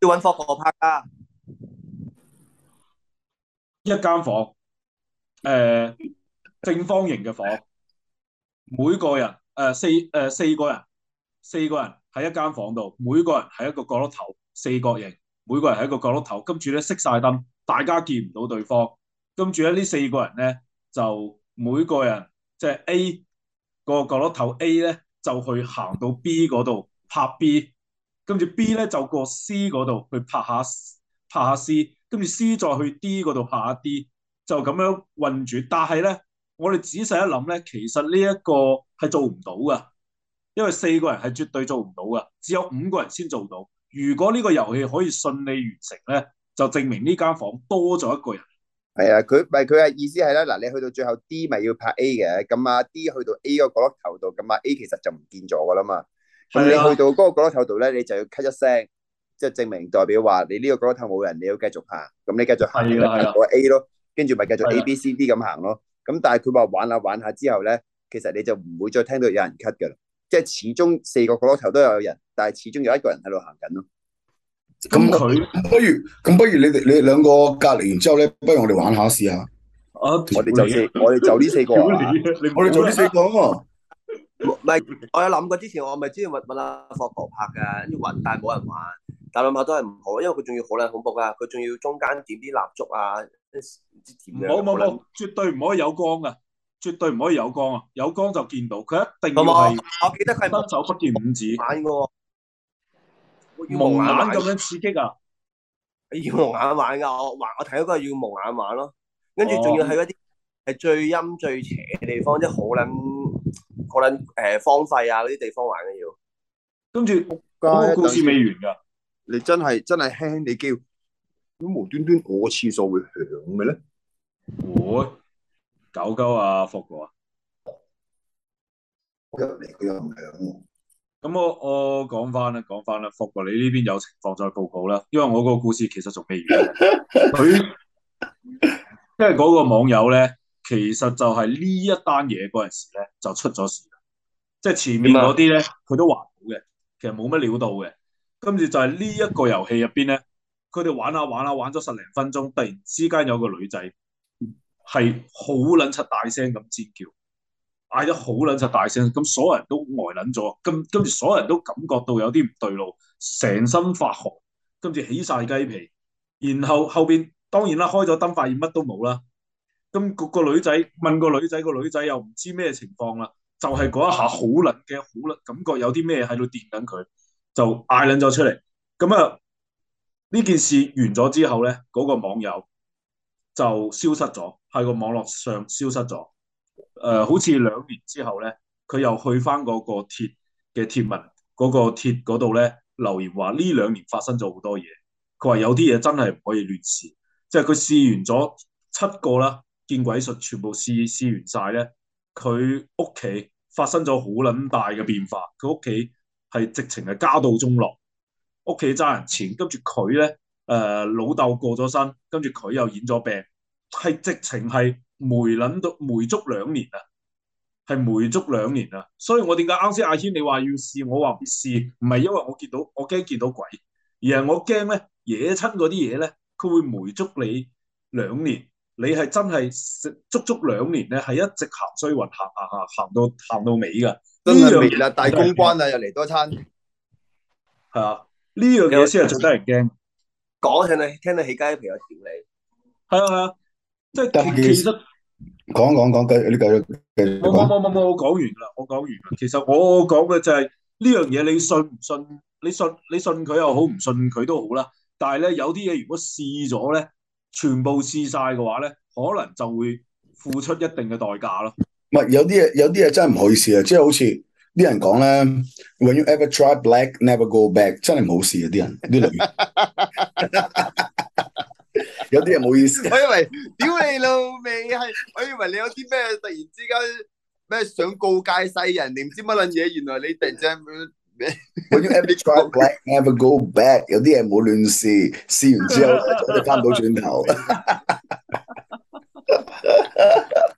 要揾火婆拍噶，一間房，誒、哦那個呃，正方形嘅房，每個人誒、呃、四誒、呃、四個人，四個人喺一間房度，每個人喺一個角落頭，四角形，每個人喺一個角落頭，跟住咧熄晒燈，大家見唔到對方，跟住咧呢四個人咧就每個人即係、就是、A 個角落頭 A 咧。就去行到 B 度拍 B，跟住 B 咧就過 C 度去拍下拍下 C，跟住 C 再去 D 度拍下 D，就咁樣混住。但係咧，我哋仔細一諗咧，其實呢一個係做唔到噶，因為四個人係絕對做唔到噶，只有五個人先做到。如果呢個遊戲可以順利完成咧，就證明呢間房多咗一個人。係啊，佢咪佢嘅意思係咧，嗱，你去到最後 D 咪要拍 A 嘅，咁啊 D 去到 A 個角落頭度，咁啊 A 其實就唔見咗噶啦嘛。咁的你去到嗰角落頭度咧，你就要咳一聲，即係證明代表話你呢個角落頭冇人，你要繼續行。咁你繼續行，行的個 A 咯，跟住咪繼續 A B C D 咁行咯。咁的但係佢話玩下玩下之後咧，其實你就唔會再聽到有人咳 u t 即係始終四個角落頭都有人，但係始終有一個人喺度行緊咯。咁佢，不如咁，不如你哋你哋兩個隔離完之後咧，不如我哋玩下試下。啊，我哋就、啊、我哋就呢四個我哋做呢四個喎。唔係，我有諗過之前，我咪之前問問阿霍婆拍噶，跟住玩，但冇人玩。但諗下都係唔好，因為佢仲要好咧，恐怖噶，佢仲要中間點啲蠟燭啊，唔知點樣。冇冇冇，沒沒絕對唔可以有光噶，絕對唔可以有光啊！有光就見到，佢一定要係伸麼手不見五指。蒙眼咁樣刺激啊！要蒙眼玩噶，啊，我話我睇嗰個要蒙眼玩咯，跟住仲要喺嗰啲係最陰最邪嘅地方，oh. 即係好撚、好撚誒荒廢啊嗰啲地方玩嘅要。跟住個故事未完噶，你真係真係輕輕哋叫，咁無端端我廁所會響嘅咧？我狗狗啊，福哥啊，我入嚟佢唔響。咁我我講翻啦，講翻啦，福哥，你呢邊有情況再報告啦。因為我個故事其實仲未完，佢即係嗰個網友咧，其實就係呢一單嘢嗰陣時咧就出咗事啦。即係前面嗰啲咧，佢都還好嘅，其實冇乜料到嘅。跟住就係呢一個遊戲入邊咧，佢哋玩下玩下玩咗十零分鐘，突然之間有個女仔係好撚柒大聲咁尖叫。嗌得好卵就大聲，咁所有人都呆卵咗，咁跟住所有人都感覺到有啲唔對路，成身發寒，跟住起晒雞皮，然後後邊當然啦，開咗燈發現乜都冇啦，咁個女仔問個女仔，個女仔又唔知咩情況啦，就係嗰一下好卵嘅，好卵感覺有啲咩喺度電緊佢，就嗌卵咗出嚟，咁啊呢件事完咗之後咧，嗰個網友就消失咗，喺個網絡上消失咗。誒、呃，好似兩年之後咧，佢又去翻嗰個貼嘅貼文嗰、嗰個貼嗰度咧，留言話呢兩年發生咗好多嘢。佢話有啲嘢真係唔可以亂試，即係佢試完咗七個啦，見鬼術全部試試完晒咧，佢屋企發生咗好撚大嘅變化。佢屋企係直情係家道中落，屋企爭人錢，跟住佢咧，誒，老豆過咗身，跟住佢又染咗病，係直情係。梅諗到梅足兩年啊，係梅足兩年啊。所以我點解啱先阿軒你話要試，我話別試，唔係因為我見到我驚見到鬼，而係我驚咧惹親嗰啲嘢咧，佢會梅足你兩年，你係真係食足足兩年咧，係一直行衰運，行行行，行到行到尾噶。呢樣啦，大公關啊，又嚟多餐，係啊，呢樣嘢先係最得人驚。講起你聽得起雞皮有條理，係啊係啊，即係別其實。講講講計，你繼續繼續講。冇冇冇冇冇，我講完啦，我講完啦。其實我講嘅就係呢樣嘢，這個、你信唔信？你信你信佢又好，唔信佢都好啦。但係咧，有啲嘢如果試咗咧，全部試晒嘅話咧，可能就會付出一定嘅代價咯。唔係，有啲嘢有啲嘢真係唔好意思啊，即、就、係、是、好似啲人講咧，When you ever try black, never go back，真係冇事啊！啲人啲女人。 有啲人冇意思， 我以為屌你老味，係我以為你有啲咩突然之間咩想告誡世人你唔知乜卵嘢，原來你突然之間唔咩 Have you ever tried black? Never go back 有。有啲嘢唔好亂試，試完之後我哋翻唔到轉頭了。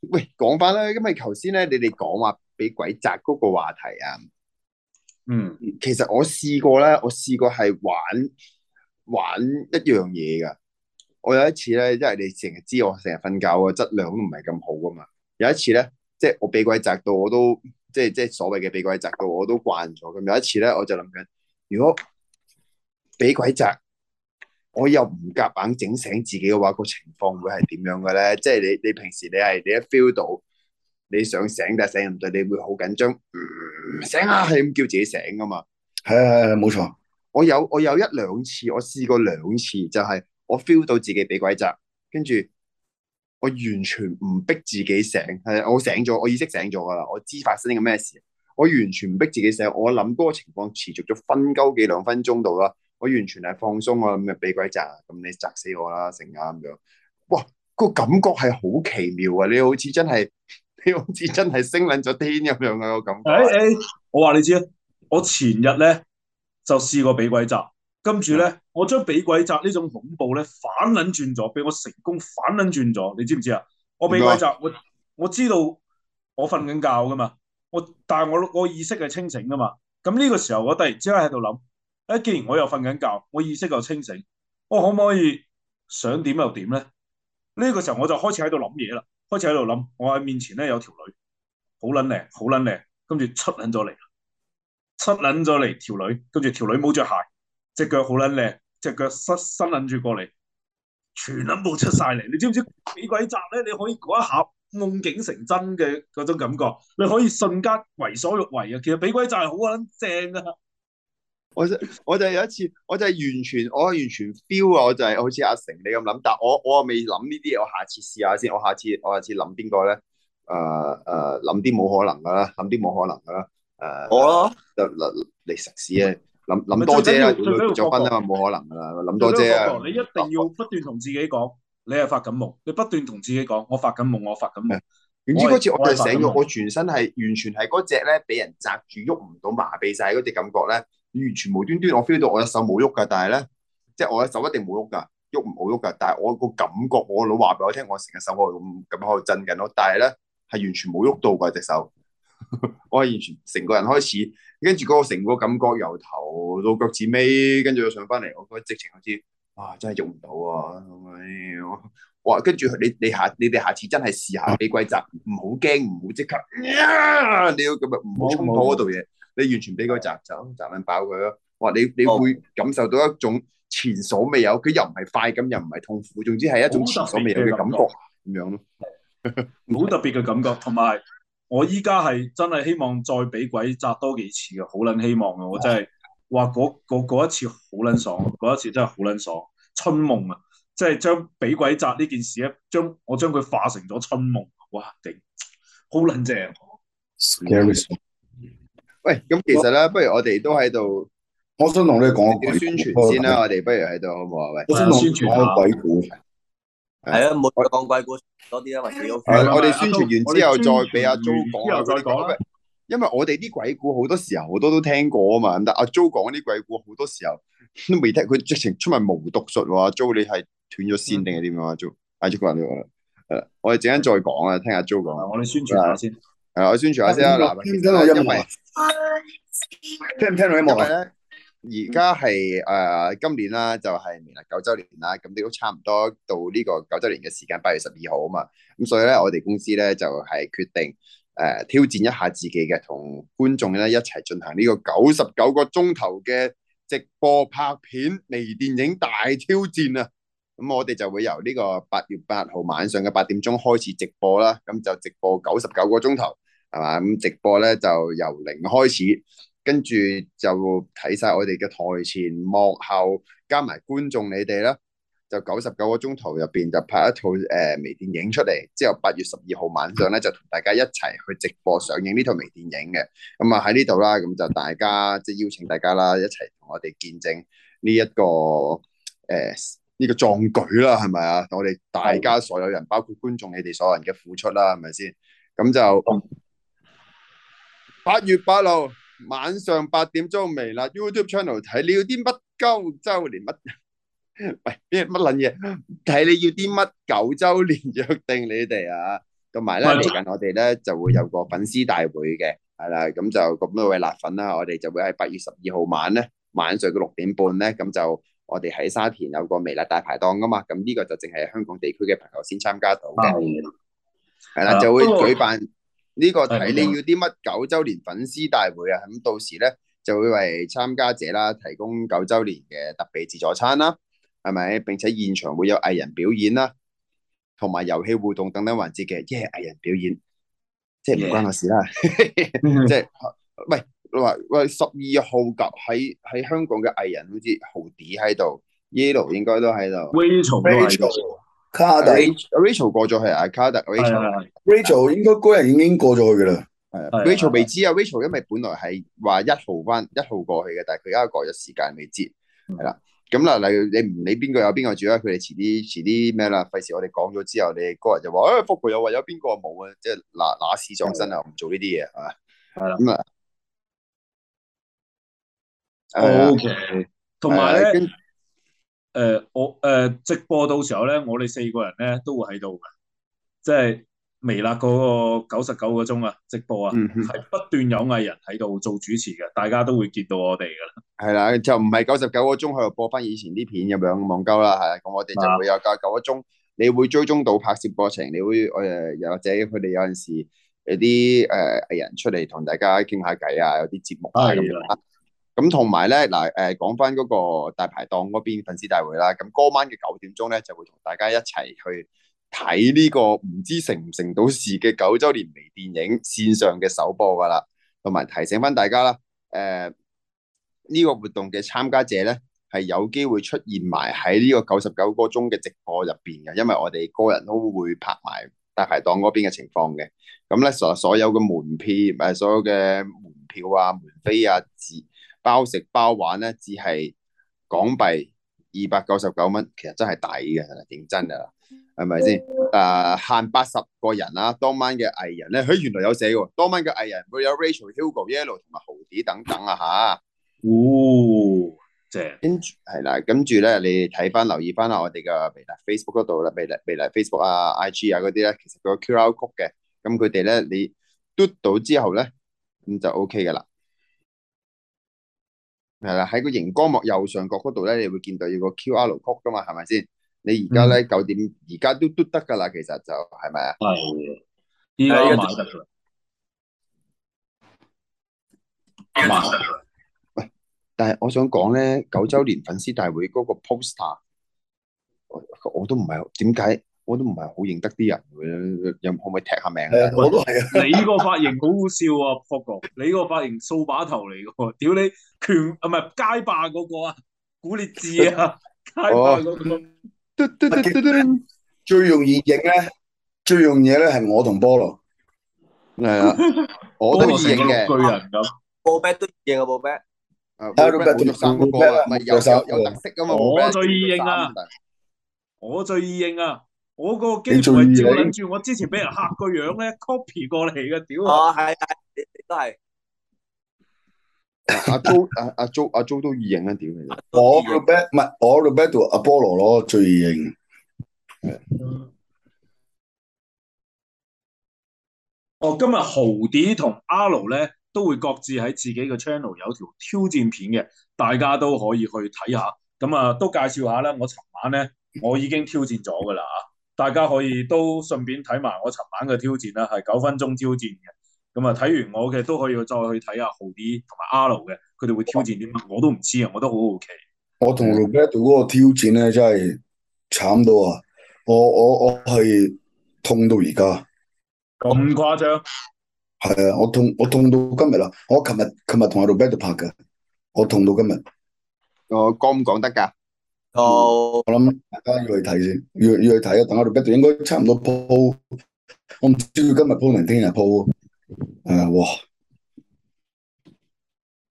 喂，講翻啦，因為頭先咧，你哋講話俾鬼砸嗰個話題啊，嗯，其實我試過咧，我試過係玩玩一樣嘢噶，我有一次咧，即係你成日知我成日瞓覺嘅質量都唔係咁好噶嘛，有一次咧，即係我俾鬼砸到我都，即係即係所謂嘅俾鬼砸到我都慣咗，咁有一次咧，我就諗緊，如果俾鬼砸。我又唔夾硬整醒自己嘅話，個情況會係點樣嘅咧？即係你你平時你係你一 feel 到你想醒，但醒唔到，你會好緊張，醒啊，係咁叫自己醒噶嘛？係係係，冇錯。我有我有一兩次，我試過兩次，就係我 feel 到自己俾鬼責，跟住我完全唔逼自己醒。係我醒咗，我意識醒咗㗎啦，我知發生緊咩事。我完全唔逼自己醒，我諗嗰個情況持續咗分鳩幾兩分鐘度啦。我完全係放鬆啊，咁啊俾鬼砸，咁你砸死我啦，成啊咁樣，哇，個感覺係好奇妙啊！你好似真係，你好似真係升捻咗天咁樣啊個感覺。誒誒，我話你知啊，我前日咧就試過俾鬼砸，跟住咧我將俾鬼砸呢種恐怖咧反捻轉咗，俾我成功反捻轉咗，你知唔知啊？我俾鬼砸，我我知道我瞓緊覺噶嘛，我但係我我意識係清醒噶嘛，咁呢個時候我突然之間喺度諗。哎，既然我又瞓緊覺，我意識又清醒，我可唔可以想點又點咧？呢個時候我就開始喺度諗嘢啦，開始喺度諗。我喺面前咧有條女，好撚靚，好撚靚，跟住出撚咗嚟，出撚咗嚟條女，跟住條女冇着鞋，隻腳好撚靚，隻腳伸伸撚住過嚟，全撚冇出晒嚟。你知唔知俾鬼笮咧？你可以嗰一吓夢境成真嘅嗰種感覺，你可以瞬間為所欲為啊！其實俾鬼笮係好撚正噶～我就我就係有一次，我就係完全，我係完全 feel 啊！我就係好似阿成你咁諗，但我我啊未諗呢啲嘢，我下次試下先。我下次我下次諗邊個咧？誒誒諗啲冇可能噶啦，諗啲冇可能噶啦。誒我咯，就嚟嚟實試啊！諗諗多啫，結咗婚啊嘛，冇可能噶啦，諗多啫啊！你一定要不斷同自己講，你係發緊夢。你不斷同自己講，我發緊夢，我發緊夢。點知嗰次我就醒咗，我全身係完全係嗰隻咧，俾人擸住喐唔到，麻痹晒嗰隻感覺咧。完全無端端，我 feel 到我隻手冇喐㗎。但係咧，即係我隻手一定冇喐㗎，喐唔好喐㗎，但係我個感覺，我老話俾我聽，我成隻手我係咁咁喺度震緊咯，但係咧係完全冇喐到㗎隻手，我係完全成個人開始，跟住嗰個成個感覺由頭到腳趾尾，跟住又上翻嚟，我覺得直情好似哇真係喐唔到啊！我我跟住你你下你哋下次真係試下啲規則，唔好驚，唔好即刻啊！你要咁啊，唔好衝破嗰度嘢。你完全俾佢閘走，閘捻爆佢咯！哇，你你會感受到一種前所未有，佢又唔係快感，又唔係痛苦，總之係一種前所未有嘅感覺，咁樣咯。好特別嘅感覺，同埋樣 我依家係真係希望再俾鬼閘多幾次嘅，好撚希望啊！我真係，哇！嗰一次好撚爽，嗰一次真係好撚爽，春夢啊！即係將俾鬼閘呢件事咧，將我將佢化成咗春夢，哇！頂，好撚正。喂，咁其實咧，不如我哋都喺度。我想同你講宣傳先啦，我哋不如喺度好唔好啊？喂，我先宣傳下鬼故，係啊，冇講鬼故。多啲啊，或者我哋宣傳完之後再俾阿 Jo 講下啲。因為我哋啲鬼故好多時候好多都聽過啊嘛，但阿 Jo 講啲鬼故好多時候都未聽，佢直情出埋無毒術喎，Jo，你係斷咗線定係點樣啊？Jo，阿 Jo 哥你我哋陣間再講啊，聽阿 Jo 講。我哋宣傳下先。我宣傳下先啦。嗱，聽唔聽到音樂？因為咧，而家係誒今年啦，就係年立九週年啦，咁都差唔多到呢個九週年嘅時間，八月十二號啊嘛，咁所以咧，我哋公司咧就係、是、決定誒、呃、挑戰一下自己嘅，同觀眾咧一齊進行呢個九十九個鐘頭嘅直播拍片微電影大挑戰啊！咁我哋就會由呢個八月八號晚上嘅八點鐘開始直播啦，咁就直播九十九個鐘頭。係嘛，咁直播咧就由零開始，跟住就睇晒我哋嘅台前幕後，加埋觀眾你哋啦，就九十九個鐘頭入邊就拍一套誒、呃、微電影出嚟，之後八月十二號晚上咧就同大家一齊去直播上映呢套微電影嘅。咁啊喺呢度啦，咁就大家即係、就是、邀請大家啦，一齊同我哋見證呢、呢、一個誒呢、呃呢個壯舉啦，係咪啊？我哋大家的所有人，包括觀眾你哋所有人嘅付出啦，係咪先？咁就。嗯八月八號晚上八點鐘微辣 YouTube channel 睇你要啲乜九週年乜，喂啲乜撚嘢睇你要啲乜九週年約定你哋啊，同埋咧嚟緊我哋咧就會有個粉絲大會嘅，係啦，咁就咁多位辣粉啦，我哋就會喺八月十二號晚咧晚上嘅六點半咧，咁就我哋喺沙田有個微辣大排檔噶嘛，咁呢個就淨係香港地區嘅朋友先參加到嘅，係啦的，就會舉辦。呢個睇你要啲乜九周年粉絲大會啊？咁到時咧就會為參加者啦提供九周年嘅特別自助餐啦，係咪？並且現場會有藝人表演啦，同埋遊戲互動等等環節嘅。耶！藝人表演即係唔關我事啦，即係唔係？喂喂，十二號及喺喺香港嘅藝人好似豪迪喺度，Yellow 應該都喺度。 ait 卡迪 Rachel 過咗去，阿卡迪 Rachel，Rachel 應該個人已經過咗去噶啦，係啊，Rachel 未知啊，Rachel 因為本來係話一號翻一號過去嘅，但係佢而家過咗時間，未知係啦。咁嗱，例如你唔理邊個有邊個住啦，佢哋遲啲遲啲咩啦，費事我哋講咗之後，你個人就話誒，復過又話有邊個冇啊，即係拿拿屎上身啊，唔做呢啲嘢，係係啦，咁啊，OK，同埋咧。誒、呃，我誒、呃、直播到時候咧，我哋四個人咧都會喺度嘅，即係微辣嗰，那個九十九個鐘啊，直播啊，係、嗯、哼不斷有藝人喺度做主持嘅，大家都會見到我哋噶啦。係啦，就唔係九十九個鐘，喺度播翻以前啲片咁樣，忘鳩啦。係咁，我哋就會有加九個鐘，你會追蹤到拍攝過程，你會誒、又、呃、或者佢哋有陣時有啲誒藝人出嚟同大家傾下偈啊，有啲節目啊咁樣。的咁同埋咧嗱，誒講翻嗰個大排檔嗰邊粉絲大會啦。咁今晚嘅九點鐘咧，就會同大家一齊去睇呢個唔知成唔成到事嘅九周年微電影線上嘅首播噶啦。同埋提醒翻大家啦，誒呢個活動嘅參加者咧係有機會出現埋喺呢個九十九個鐘嘅直播入邊嘅，因為我哋個人都會拍埋大排檔嗰邊嘅情況嘅。咁咧，所所有嘅門票誒，所有嘅門票啊、門飛啊、自包食包玩咧，只係港幣二百九十九蚊，其實真係抵嘅，認真噶啦，係咪先？誒、呃，限八十個人啦、啊，當晚嘅藝人咧，佢、欸、原來有寫喎，當晚嘅藝人會有 Rachel、Hugo、Yellow 同埋豪子等等啊吓。哦，謝正。跟住係啦，跟住咧，你睇翻留意翻我哋嘅微達 Facebook 嗰度啦，微達微達 Facebook 啊、IG 啊嗰啲咧，其實個 QR 曲嘅，咁佢哋咧，你嘟到之後咧，咁就 OK 噶啦。係啦，喺個熒光幕右上角嗰度咧，你會見到有個 QR code 噶嘛，係咪先？你而家咧，九點，而家都都得噶啦，其實就係咪啊？係依家一直得嘅，一直得嘅。喂，但係我想講咧，嗯、九周年粉絲大會嗰個 poster，我我都唔係，點解？我都唔係好認得啲人嘅，有可唔可以踢下名我都係啊！啊啊你個髮型好好笑啊，扑哥！你個髮型掃把頭嚟嘅，屌你拳！權啊，唔係街霸嗰個啊，古烈智啊，街霸嗰、嗰個。嘟嘟、哦、最容易認咧，最容易認咧係我同菠蘿。係啊，我都易認嘅。巨人咁，布麥、啊、都認、啊啊啊、易認啊，布麥。啊，布麥跌落三個啊，咪右手有特色啊嘛。我最易認啊，我最易認啊。我個機台照諗住，我之前俾人吓個樣咧，copy 過嚟嘅，屌啊！係係，都係阿周阿阿周阿周都易認啊，屌其實。我個 bad 唔係我個 bad 做阿波羅咯，最易認。嗯嗯、哦，今日豪啲同阿盧咧都會各自喺自己嘅 channel 有條挑戰片嘅，大家都可以去睇下。咁啊，都介紹下啦。我尋晚咧我已經挑戰咗噶啦啊！ 大家可以都順便睇埋我昨晚嘅挑戰啦，係九分鐘挑戰嘅。咁啊，睇完我嘅都可以再去睇下豪 D 同埋阿盧嘅，佢哋會挑戰啲乜？我都唔知啊，我都好好奇。我同盧 b a t t 嗰個挑戰咧真係慘到啊！我我我係痛到而家，咁誇張？係啊，我痛我痛到今日啦！我琴日琴日同阿盧 b a t t 拍嘅，我痛到今日。我講唔講得噶？我諗大家要去睇先，要要去睇啊！等我度不斷，應該差唔多鋪。我唔知佢今日鋪定聽日鋪。係啊，哇！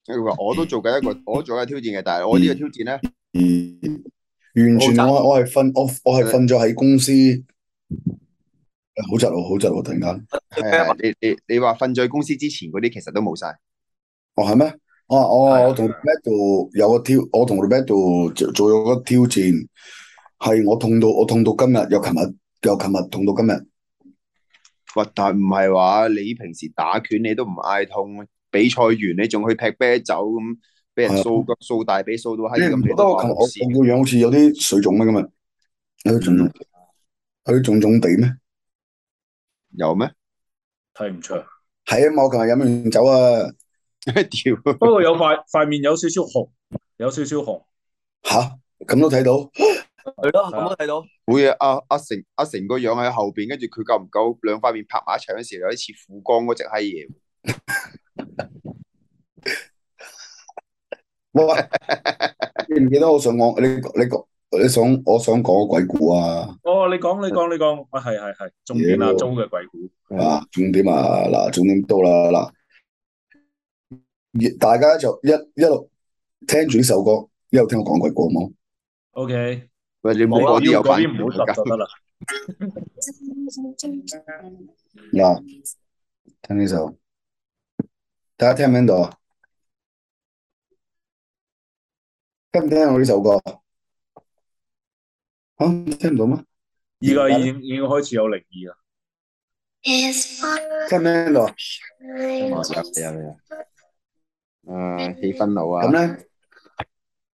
你話我都做緊一個，我都做緊個挑戰嘅。但係我呢個挑戰咧，完全我我係瞓，我我係瞓咗喺公司。好窒喎，好窒喎！突然間，你你你話瞓咗喺公司之前嗰啲，其實都冇晒。哦，係咩？哦、我我我同 Mad 度有個挑，我同 Mad 度做做咗個挑戰，係我痛到我痛到今日，又琴日又琴日痛到今日。哇！但唔係話你平時打拳你都唔嗌痛，比賽完你仲去踢啤酒咁，俾人掃掃的大髀掃到黑。你不過琴日我我個樣好似有啲水腫啊咁啊？有腫，有腫腫地咩？有咩？睇唔出。係啊，我琴日飲完酒啊。 不過有塊塊面有少少紅，有少少紅。吓，咁都睇到？係咯， 咁都睇到。會啊，阿成阿成個樣喺後邊，跟住佢夠唔夠兩塊面拍埋一齊嗰時，有啲似富江嗰隻閪嘢。啊，你唔記得我想講你你講你想我想講鬼故啊？夠夠 喂 哦，你講你講你講，係係係重點啊！租嘅，啊、鬼故啊，重點啊嗱，嗯啊，重點到啦嗱。啊大家就一一路聽住呢首歌，一路聽我講鬼故冇？OK，喂，你唔好講啲唔好嘅啦。嗱要，聽呢首，大家聽唔聽到？聽唔聽下我呢首歌？啊，聽唔到咩？依家已已經開始有靈異嘅。聽唔聽到啊？誒，氣氛好啊！咁咧，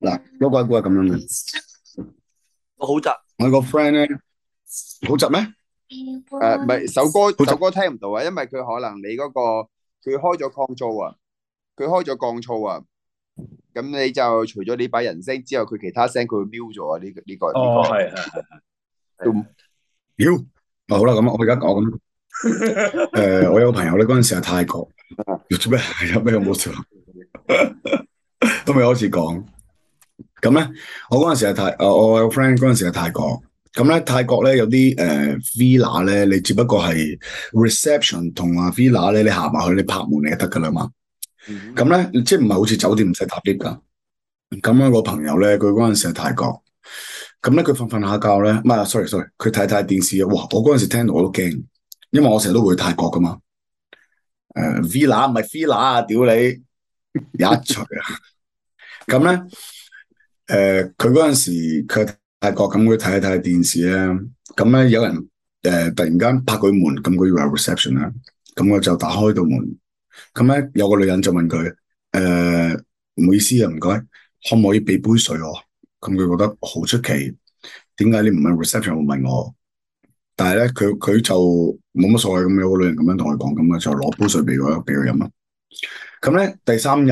嗱，個鬼故係咁樣嘅，我好窒。我個 friend 咧，好窒咩？誒，唔係首歌首歌聽唔到啊，因為佢可能你嗰個佢開咗降噪啊，佢開咗降噪啊，咁你就除咗呢把人聲之後，佢其他聲佢會 mute 咗啊！呢呢個哦，係係係，mute。嗱，好啦，咁我而家講啦。誒，我有個朋友咧，嗰陣時喺泰國，做咩？係啊，咩好笑啊？ 都未開始講，咁咧，我嗰陣時係泰，我我有 friend 嗰陣時係泰國，咁咧泰國咧有啲誒、呃、villa 咧，你只不過係 reception 同啊 villa 咧，你行埋去你拍門你就得噶啦嘛，咁咧、嗯、哼即係唔係好似酒店唔使搭 lift 噶，咁樣，嗰個朋友咧，佢嗰陣時係泰國，咁咧佢瞓瞓下覺咧，唔係 sorry sorry，佢睇睇電視，哇！我嗰陣時聽到我都驚，因為我成日都會去泰國噶嘛，誒、呃、villa 唔係 villa 啊，屌你！ 呃、看一錘啊！咁咧，誒，佢嗰陣時佢大覺咁，佢睇一睇電視咧，咁咧有人誒、呃、突然間拍佢門，咁佢以為係 reception 啦，咁我就打開道門，咁咧有個女人就問佢，誒、呃，唔好意思啊，唔該，可唔可以俾杯水我？咁佢覺得好出奇，點解你唔係 reception 會問我？但係咧，佢佢就冇乜所謂咁，有個女人咁樣同佢講咁啊，就攞杯水俾佢俾佢飲啊。咁咧，第三日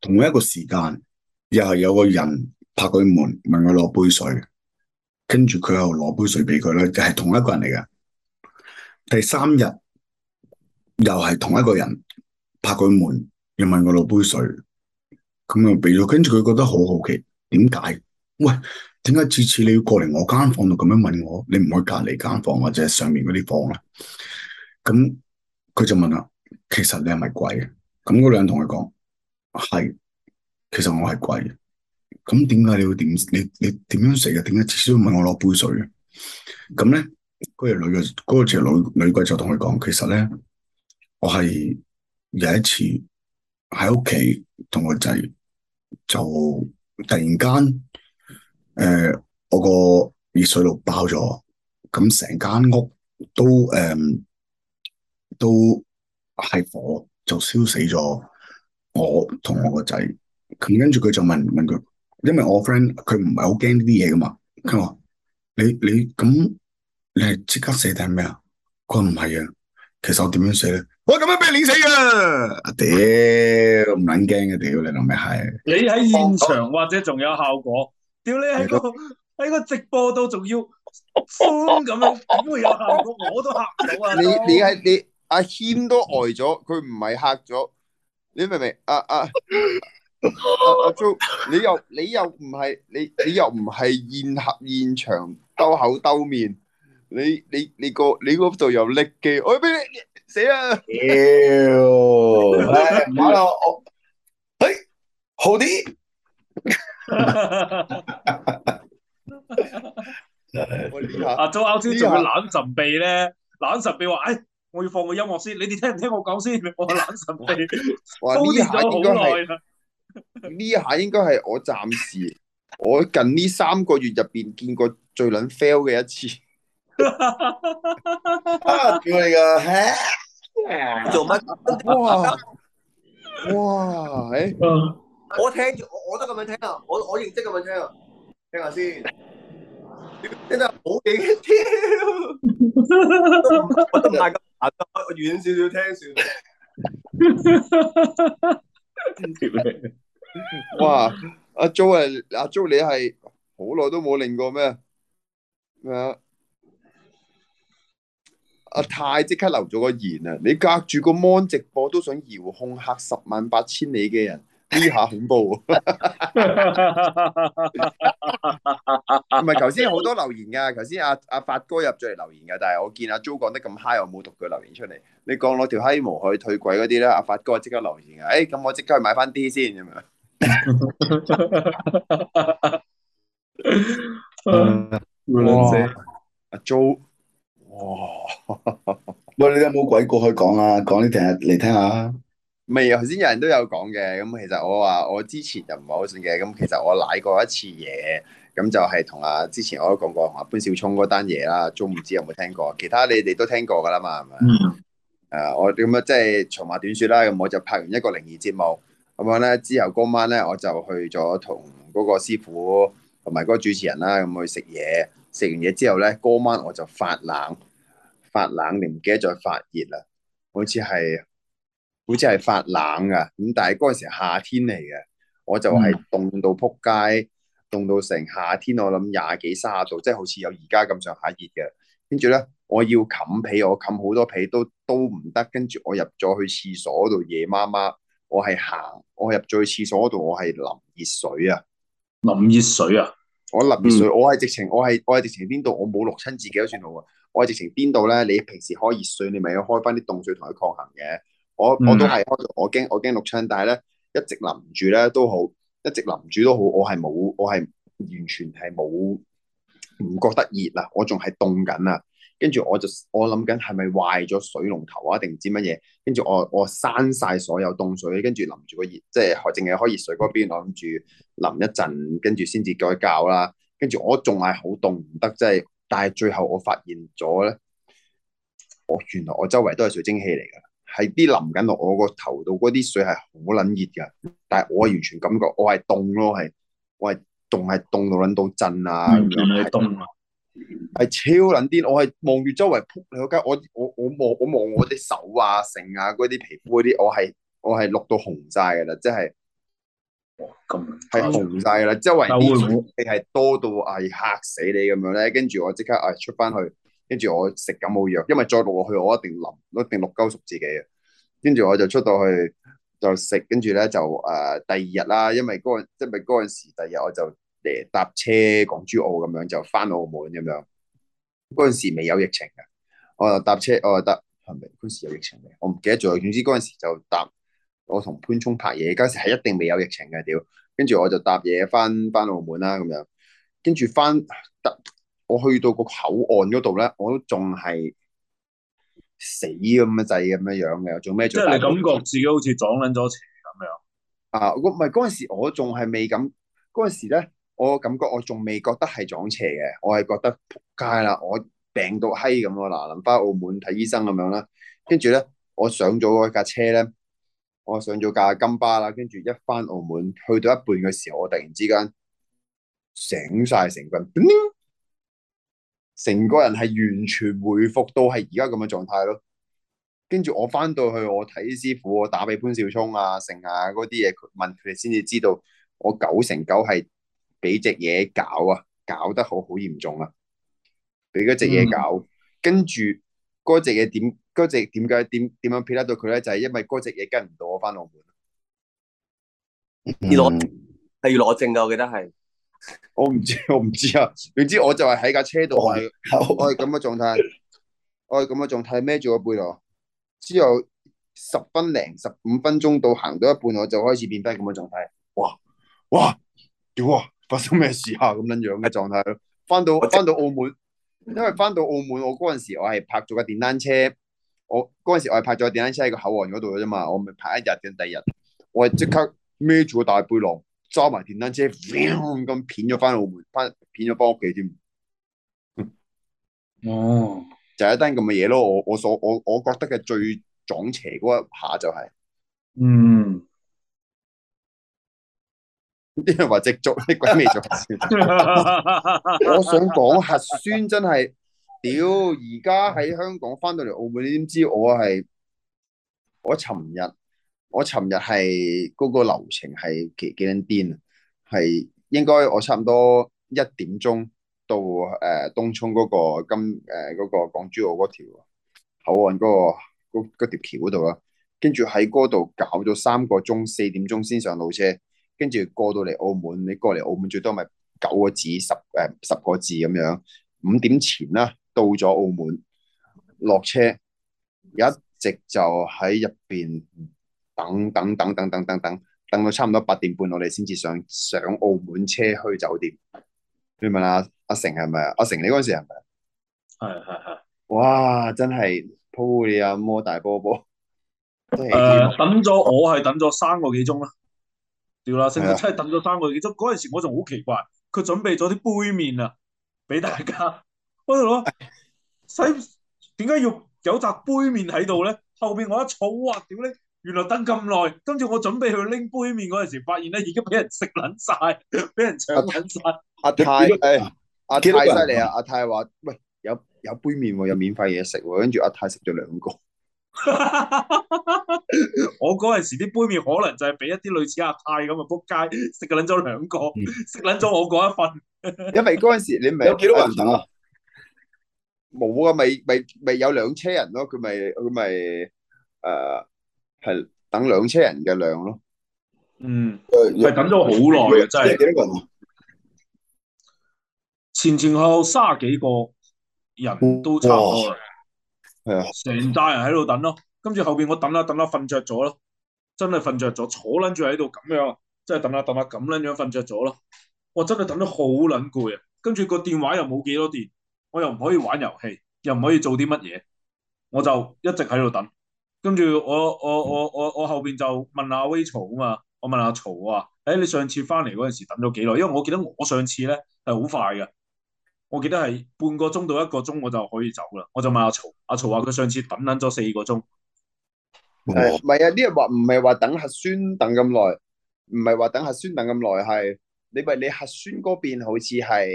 同一個時間，又係有個人拍佢門，問我攞杯水，跟住佢又攞杯水俾佢呢就係、是，同一個人嚟嘅。第三日又係同一個人拍佢門，又問我攞杯水，咁啊俾咗。跟住佢覺得好好奇，點解？喂，點解次次你要過嚟我間房度咁樣問我？你唔去隔籬間房間，或者上面嗰啲房啊？咁佢就問啦，其實你係咪鬼啊？咁嗰兩人同佢講，係，其實我係鬼。咁點解你要點？你你點樣死嘅？點解至少要問我攞杯水嘅？咁咧，嗰個女嘅，嗰、嗰個女、嗰個、女鬼就同佢講，其實咧，我係有一次喺屋企同個仔，就突然間，誒、呃，我個熱水爐爆咗，咁成間屋都誒、嗯，都係火。就燒死咗我同我個仔，咁跟住佢就問問佢，因為我 friend 佢唔係好驚呢啲嘢噶嘛，佢話你你咁你係即刻死定係咩啊？佢話唔係啊，其實我點樣死咧？我咁樣俾你撚死啊！阿屌唔撚驚嘅屌你諗咩係？你喺現場或者仲有效果？屌你喺個喺個直播度仲要瘋咁樣，點會有效果？我都嚇到啊！你你喺你。阿謙都呆咗，佢唔係吓咗，你明唔明？阿阿阿阿朱，你又你又唔係你你又唔係宴客現場兜口兜面，你你你個你嗰度又匿機，我俾你死啦！屌！哎，馬上我，哎，好啲。阿朱啱先仲要冷神秘咧，冷神秘話哎。我要放個音樂先，你哋聽唔聽我講先？我攬神地，哇呢下應該係呢下應該係我暫時我近呢三個月入邊見過最撚 fail 嘅一次。啊屌你噶吓，做乜？哇哇誒，我聽住我我都咁樣聽啊，我我認識咁樣聽啊，聽下先。你真係好驚跳，我都唔係咁。阿 Jo 遠少少聽少少，哇！阿 Jo 啊阿 Jo，你係好耐都冇令過咩咩啊？阿太即刻留咗個言啊！你隔住個芒，直播都想遙控吓十萬八千里嘅人。呢下恐怖唔係， 頭先好多留言噶，頭先阿阿法哥入咗嚟留言噶，但係我見阿 Joe 講得咁嗨，我冇讀佢留言出嚟。你講攞條嗨毛去退鬼嗰啲咧，阿、啊、法哥即刻留言噶。誒、哎，咁我即刻去買翻啲先咁樣。哇！阿、 啊、o Joe ,哇！ 喂，你有冇鬼故可以講啊？講啲成日嚟聽下。咪頭先有人都有講嘅，咁其實我話我之前就唔係好信嘅，咁其實我瀨過一次嘢，咁就係同啊之前我都講過，同阿潘少聰嗰單嘢啦，都唔知有冇聽過，其他你哋都聽過㗎啦嘛，係咪？嗯。我點樣，即係長話短説啦，咁我就拍完一個靈異節目，咁樣咧，之後嗰晚咧我就去咗同嗰個師傅同埋嗰個主持人啦，咁去食嘢，食完嘢之後咧，嗰晚我就發冷，發冷，你唔記得再發熱啦，好似係。好似係發冷嘅，咁但係嗰陣時夏天嚟嘅，我就係凍到撲街，凍到成夏天，我諗廿幾卅度，即係好似有而家咁上下熱嘅。跟住咧，我要冚被，我冚好多被都都唔得。跟住我入咗去廁所度夜媽媽，我係行，我入咗去廁所度，我係淋熱水啊，淋熱水啊，我淋熱水，嗯、我係直情，我係我係直情邊度，我冇淥親自己都算好啊。我係直情邊度咧？你平時開熱水，你咪要開翻啲凍水同佢抗衡嘅。我我都係，我驚我驚錄唱，但係咧一直淋住咧都好，一直淋住都好，我係冇，我係完全係冇唔覺得熱啊，我仲係凍緊啊，跟住我就我諗緊係咪壞咗水龍頭啊，定唔知乜嘢，跟住我我閂晒所有凍水，跟住淋住個熱，即係淨係開熱水嗰邊，我諗住淋一陣，跟住先至再較啦，跟住我仲係好凍唔得，即係，但係最後我發現咗咧，我原來我周圍都係水蒸氣嚟㗎。係啲淋緊落我個頭度，嗰啲水係好撚熱噶，但係我完全感覺我係凍咯，係我係仲係凍到撚到震啊凍凍啊，係超撚啲。我係望住周圍撲你嗰間，我我我望我望我啲手啊、成啊嗰啲皮膚嗰啲，我係我係熝到紅晒噶啦，即係咁，係、哦、紅晒噶啦，周圍啲水係多到係、哎、嚇死你咁樣咧，跟住我即刻出翻去。跟住我食感冒藥，因為再落去我一定淋，一定六鳩熟自己嘅。跟住我就出到去就食，跟住咧就誒、呃、第二日啦，因為嗰陣即係咪時第二日我就誒搭車港珠澳咁樣就翻澳門咁樣。嗰陣時未有疫情嘅，我又搭車我就得，係咪？嗰時有疫情未？我唔記得咗。總之嗰陣時就搭我同潘聰拍嘢，嗰陣時係一定未有疫情嘅屌。跟住我就搭嘢翻翻澳門啦咁樣，跟住翻我去到個口岸嗰度咧，我都仲係死咁嘅制咁嘅樣嘅，做咩？即係感覺自己好似撞緊咗邪咁樣。啊，唔係嗰陣時，我時，我仲係未咁嗰陣時咧，我感覺我仲未覺得係撞邪嘅，我係覺得仆街啦，我病到閪咁咯。嗱，臨翻澳門睇醫生咁樣啦，跟住咧，我上咗架車咧，我上咗架金巴啦，跟住一翻澳門去到一半嘅時候，我突然之間醒晒，成分。成個人係完全回復到係而家咁嘅狀態咯，跟住我翻到去我睇師傅，我打俾潘少聰啊、盛啊嗰啲嘢，問佢哋先至知道我九成九係俾隻嘢搞啊，搞得好好嚴重啊，俾嗰隻嘢搞，跟住嗰隻嘢點嗰隻點解點點樣撇得到佢咧？就係、是、因為嗰隻嘢跟唔到我翻澳門，要攞係要攞證噶，我記得係。我唔知，我唔知啊。總之我就係喺架車度，哦、我係、哦、我係咁嘅狀態， 我係咁嘅狀態，孭住個背囊之後，十分零十五分鐘到行到一半，我就開始變低咁嘅狀態。哇哇，哇，哇發生咩事啊？咁樣樣嘅狀態。翻到翻到澳門，因為翻到澳門，我嗰陣時我係泊咗架電單車，我嗰陣時我係泊咗架電單車喺個口岸嗰度嘅啫嘛。我咪泊一日定第二日，我係即刻孭住個大背囊。揸埋電單車，咁片咗翻澳門，翻片咗翻屋企添。呵呵哦，就一單咁嘅嘢咯，我我所我我覺得嘅最撞邪嗰一下就係、是，嗯，啲人話直做啲鬼未做？ 我想講核酸真係屌，而家喺香港翻到嚟澳門，你點知我係我尋日。我尋日係嗰個流程係幾幾撚癲啊！係應該我差唔多一點鐘到誒、呃、東涌嗰個金誒、呃那個港珠澳嗰條口岸嗰，那個嗰嗰條橋度啦，跟住喺嗰度搞咗三個鐘，四點鐘先上路車，跟住過到嚟澳門。你過嚟澳門最多咪九個字十誒十個字咁樣，五點前啦到咗澳門落車，一直就喺入邊。等等等等等等等，等到差唔多八點半我，我哋先至上上澳門車去酒店。你問阿阿成係咪啊？阿成你嗰陣時係咪啊？係係係。哇！真係 p 你啊，摩大波波。誒、呃，等咗我係等咗三個幾鐘啦。屌啦，成日真係等咗三個幾鐘。嗰陣時我仲好奇怪，佢準備咗啲杯麪啊，俾大家。我喺度攞，使點解要有扎杯麪喺度咧？後邊我一坐，啊，哇！屌你～原來等咁耐，跟住我準備去拎杯麵嗰陣時，發現咧已經俾人食捻晒，俾人搶捻晒。阿泰，阿泰犀利啊！阿泰話：喂，有有杯麵喎，有免費嘢食喎。跟住阿泰食咗兩個。 我嗰陣時啲杯麵可能就係俾一啲類似阿泰咁嘅扑街食捻咗兩個，食捻咗我嗰一份。 因為嗰陣時你咪有幾多人等啊？冇啊，咪咪咪有兩車人咯、啊，佢咪佢咪誒。係等兩車人嘅量咯，嗯，係若等咗好耐啊，真係前前後後三十幾個人都差唔多啦，係啊，成大人喺度等咯，跟住後邊我等啦、啊、等啦瞓着咗咯，真係瞓着咗，坐捻住喺度咁樣，真係等啦、啊、等啦咁捻樣瞓着咗咯，我真係等得好捻攰啊，跟住個電話又冇幾多電，我又唔可以玩遊戲，又唔可以做啲乜嘢，我就一直喺度等。跟住我我我我我後邊就問阿威曹啊嘛，我問阿曹啊，誒、哎、你上次翻嚟嗰陣時等咗幾耐？因為我記得我上次咧係好快嘅，我記得係半個鐘到一個鐘我就可以走啦。我就問阿曹，阿曹話佢上次等等咗四個鐘。唔係啊，呢日話唔係話等核酸等咁耐，唔係話等核酸等咁耐，係你話你核酸嗰邊好似係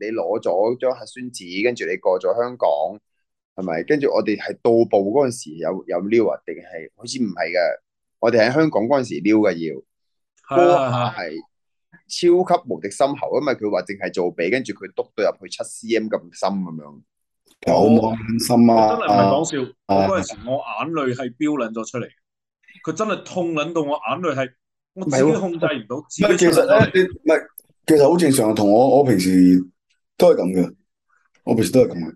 你攞咗張核酸紙，跟住你過咗香港。係咪？跟住我哋係到步嗰陣時有有撩啊？定係好似唔係嘅？我哋喺香港嗰陣時撩嘅要溜，係的超級無敵深喉，因為佢話淨係做鼻，跟住佢督到入去七 cm 咁深咁樣，好深，哦哦、啊！真係唔係講笑，嗰陣時我眼淚係飆捻咗出嚟，佢，啊、真係痛捻到我眼淚係，我自己控制唔到。啊、自己出來出來其。其實唔係，其實好正常，同我我平時都係咁嘅，我平時都係咁嘅。我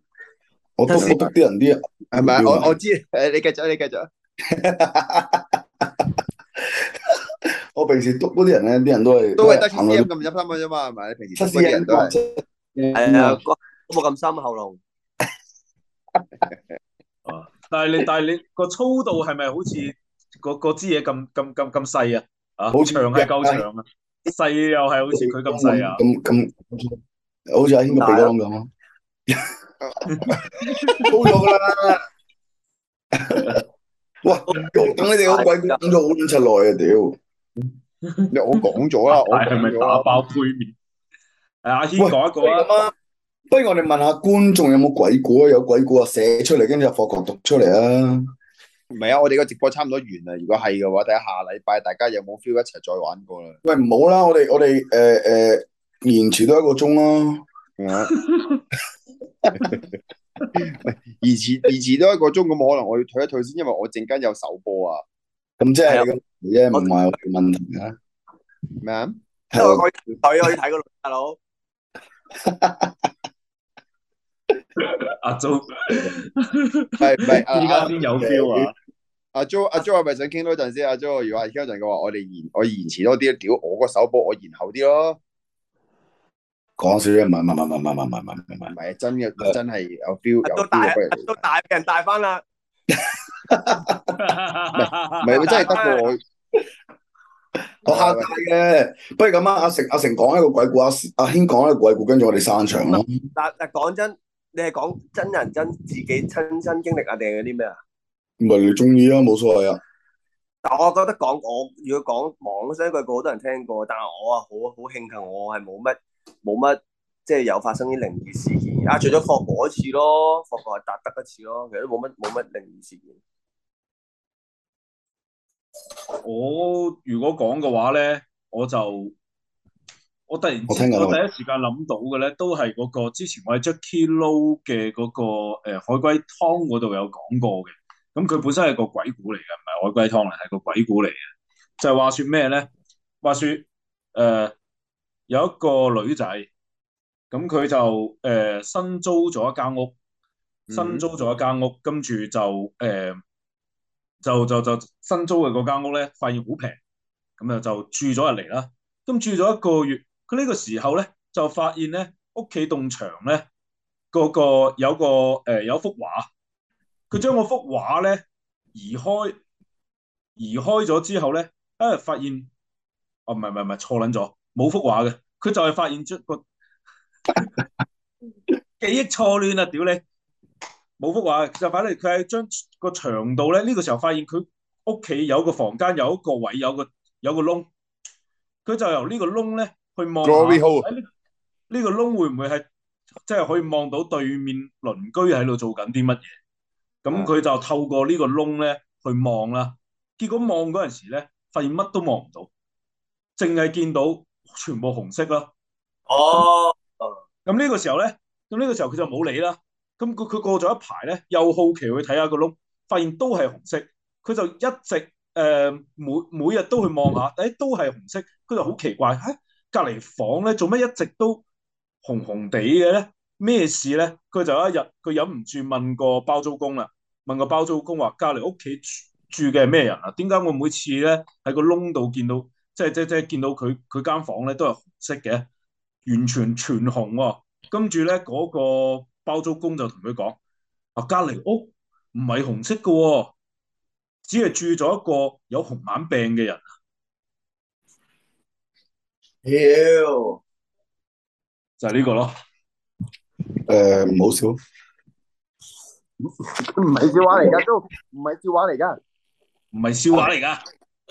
我督都督啲人啲啊，係咪？我我知，誒，你繼續，你繼續。 我平時督嗰啲人咧，啲人都係都係得聲咁陰咁入心嘅啫嘛，係咪？是是你平時督人都係係啊，都冇咁深喉嚨。但係你但係你個粗度係咪好似個支嘢咁咁咁咁細啊？啊，好長係夠長啊，細又係好似佢咁細啊，咁咁好似阿謙嘅鼻音咁啊。冇咗噶啦，哇！等你哋個鬼故等咗好卵出耐啊！屌，我講咗啦，我係咪打包杯麵？係阿謙講一個，不如我哋問下觀眾有冇鬼故啊？有鬼故啊，寫出嚟，跟住阿霍強讀出嚟啊！唔係啊，我哋個直播差唔多完啦。如果係嘅話，睇下下禮拜大家有冇 feel 一齊再玩過啦。喂，唔好啦，我哋我哋誒誒延遲多一個鐘咯。呃 延遲延遲多一個鐘，咁可能我要退一退先，因為我陣間有首播啊。咁即係啫，唔埋我問題啊。咩 啊？我以去睇嗰度，大佬阿 Jo 係咪？依家先有 feel 啊！阿 Jo 阿 Jo 係咪想傾多一陣先？阿、啊、Jo，、啊、如果傾一陣嘅話，我哋延我延遲多啲，屌我個首播，我延後啲咯。講少啲，唔唔唔唔唔唔唔唔唔唔，唔係真嘅，真係有 feel，都大有都大俾人帶翻啦，唔係 佢真係得過我， 我嚇大嘅，不如咁啊，阿成阿成講一個鬼故，阿阿軒講一個鬼故，跟住我哋散場啦。但嗱，講真，你係講真人真自己親身經歷啊，定係啲咩啊？唔係你中意啊，冇所謂啊。但我覺得講我如果講網上嘅故，好多人聽過，但係我啊好好慶幸我，我係冇乜。冇乜，即係有發生啲靈異事件啊！除咗霍國一次咯，霍國係達得一次咯，其實都冇乜冇乜靈異事件。我如果講嘅話咧，我就我突然我，我第一時間諗到嘅咧，都係嗰、那個之前我喺 Jacky Low 嘅嗰、那個誒、呃、海龜湯嗰度有講過嘅。咁佢本身係個鬼故嚟嘅，唔係海龜湯嚟，係個鬼故嚟嘅。就係、是、話說咩咧？話說誒。呃有一個女仔，咁佢就誒、呃、新租咗一間屋，新租咗一間屋，跟住就誒、呃、就就就，就新租嘅嗰間屋咧，發現好平，咁啊就住咗入嚟啦。咁住咗一個月，佢呢個時候咧就發現咧屋企棟牆咧嗰個，個有個誒、呃、有幅畫，佢將個幅畫咧移開，移開咗之後咧啊、哎、發現，哦唔係唔係唔係錯撚咗。冇幅畫嘅，佢就係發現出個記憶錯亂啊！屌你，冇幅畫，就反嚟佢係將個牆度咧，呢個時候發現佢屋企有個房間有一個位有個有個窿，佢就由個呢個窿咧去望。Glowy hole 呢個窿、這個、會唔會係即係可以望到對面鄰居喺度做緊啲乜嘢？咁佢就透過個呢個窿咧去望啦，結果望嗰陣時咧發現乜都望唔到，淨係見到。全部紅色咯。哦，咁呢、嗯、個時候咧，咁呢個時候佢就冇理啦。咁佢佢過咗一排咧，又好奇去睇下個窿，發現都係紅色。佢就一直誒、呃，每每日都去望下，誒、哎，都係紅色。佢就好奇怪，吓隔籬房咧，做乜一直都紅紅地嘅咧？咩事咧？佢就有一日佢忍唔住問個包租公啦，問個包租公話：隔籬屋企住住嘅係咩人啊？點解我每次咧喺個窿度見到？即係即係即係見到佢佢間房咧都係紅色嘅，完全全紅喎、哦。跟住咧嗰個包租公就同佢講：啊，隔離屋唔係紅色嘅、哦，只係住咗一個有紅眼病嘅人。妖，Ew. 就係呢個咯。唔好、uh, 笑，唔係， 笑話嚟㗎，都唔係笑話嚟㗎，唔係笑話嚟㗎。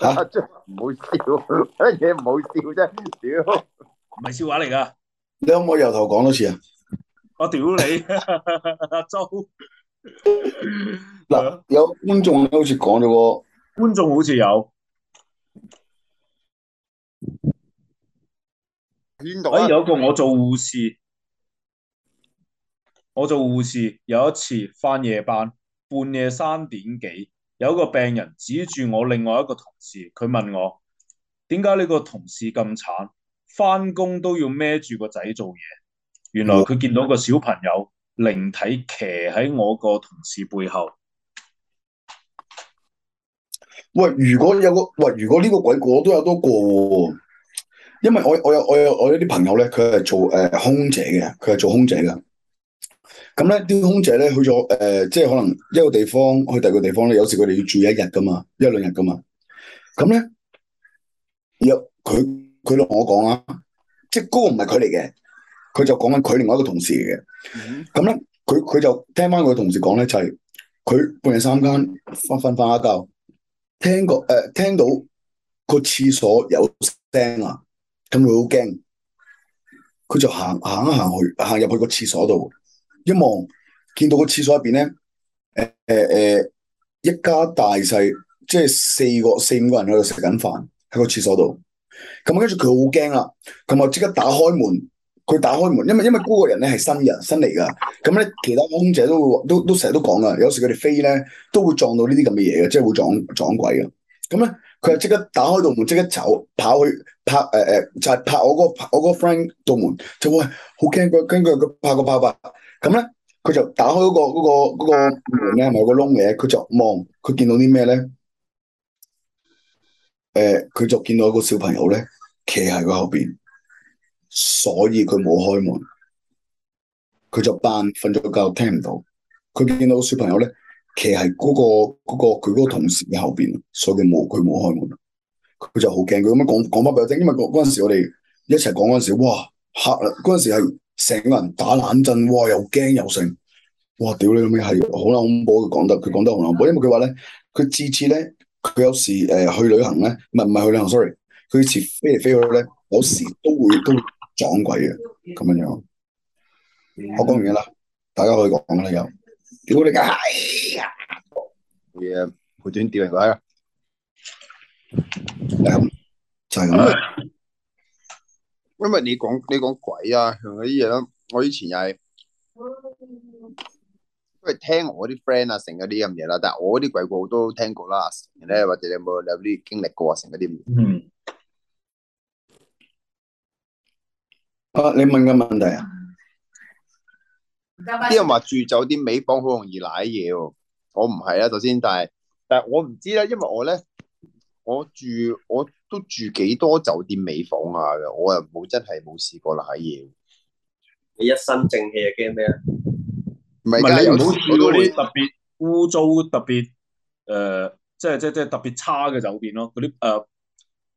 吓！唔、啊啊、好笑，乜嘢唔好笑啫？屌，唔係笑話嚟噶。你可唔可以由頭講多次 啊？我屌你阿、啊、周。嗱、 啊，有觀眾好似講咗喎。觀眾好似有邊度？哎，有一個我做護士，我做護士有一次返夜班，半夜三點幾。有一個病人指住我另外一個同事，佢問我點解呢個同事咁慘，返工都要孭住個仔做嘢。原來佢見到個小朋友靈體騎喺我個同事背後。喂，如果有個喂，如果呢個鬼我都有多個過，因為我有我有我有我有啲朋友咧，佢係做誒、呃、空姐嘅，佢係做空姐㗎。咁咧，啲空姐咧去咗誒、呃，即係可能一個地方去第二個地方咧，有時佢哋要住一日噶嘛，一兩日噶嘛。咁咧，佢佢同我講啊，即嗰個唔係佢嚟嘅，佢就講緊佢另外一個同事嚟嘅。咁咧，佢佢就聽翻佢同事講咧，就係、是、佢半夜三更翻瞓返一覺，聽個誒、呃、聽到個廁所有聲啊，咁佢好驚，佢就行行一行去行入去個廁所度。一望見到個廁所入邊咧，誒誒誒，一家大細，即係四個四五個人喺度食緊飯喺個廁所度。咁跟住佢好驚啦，咁啊即刻打開門，佢打開門，因為因為嗰個人咧係新人新嚟噶。咁咧其他空姐都會都都成日都講噶，有時佢哋飛咧都會撞到呢啲咁嘅嘢嘅，即係會撞撞鬼噶。咁咧佢就即刻打開道門，即刻走跑去拍誒誒、呃，就係、是、拍我個我個 friend 道門，就話好驚個，驚佢個怕個怕白。咁咧，佢就打開嗰個嗰個嗰個門咧，咪有個窿嘅。佢就望，佢見到啲咩咧？誒，佢就見到一個小朋友咧，騎喺佢後邊，所以佢冇開門。佢就扮瞓咗個覺，聽唔到。佢見到小朋友咧，騎喺嗰個嗰個佢嗰個同事嘅後邊，所以佢冇佢冇開門。佢就好驚，佢咁樣講講返畀我聽，因為嗰嗰陣時我哋一齊講嗰陣時，哇嚇，嗰陣時係～成個人打冷震，哇！又驚又成，哇！屌你咁嘅係好恐怖，佢講得佢講得好恐怖，因為佢話咧，佢次次咧，佢有時誒去旅行咧，唔係唔係去旅行，sorry，佢次飛嚟飛去咧，有時都會都會撞鬼嘅，咁樣樣，我講完啦，大家可以講啦又，屌你嘅係啊，佢啊，佢點跌嚟鬼啊，係，就咁啦。因為你講你講鬼啊，啲嘢咯。我以前又係，因為聽我啲 friend 啊，成嗰啲咁嘢啦。但係我啲鬼故都聽過啦，成咧，或者你有冇有啲經歷過啊，成嗰啲咁。嗯。啊，你問嘅問題啊？啲人話住酒店尾房好容易瀨嘢喎，我唔係啊。首先，但係但係我唔知咧，因為我咧我住我。都住幾多酒店尾房啊？噶，我又冇真係冇試過啦，喺要你一身正氣啊，驚咩啊？唔係，唔好住嗰啲特別污糟、特別誒，即係即係即係特別差嘅酒店咯。嗰啲誒，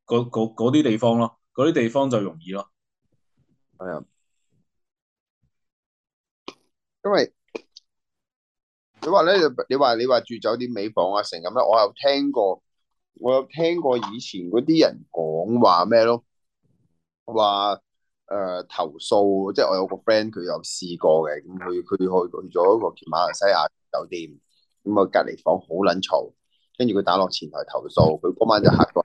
嗰嗰嗰啲地方咯，嗰啲地方就容易咯。係啊，哎，因為你話咧，你話你話住酒店尾房啊，成咁咧，我又聽過。我有聽過以前嗰啲人講話咩咯？話誒、呃、投訴，即係我有個 friend 佢有試過嘅，咁佢佢去去咗一個叫馬來西亞酒店，咁啊隔籬房好撚嘈，跟住佢打落前台投訴，佢嗰晚就嚇到，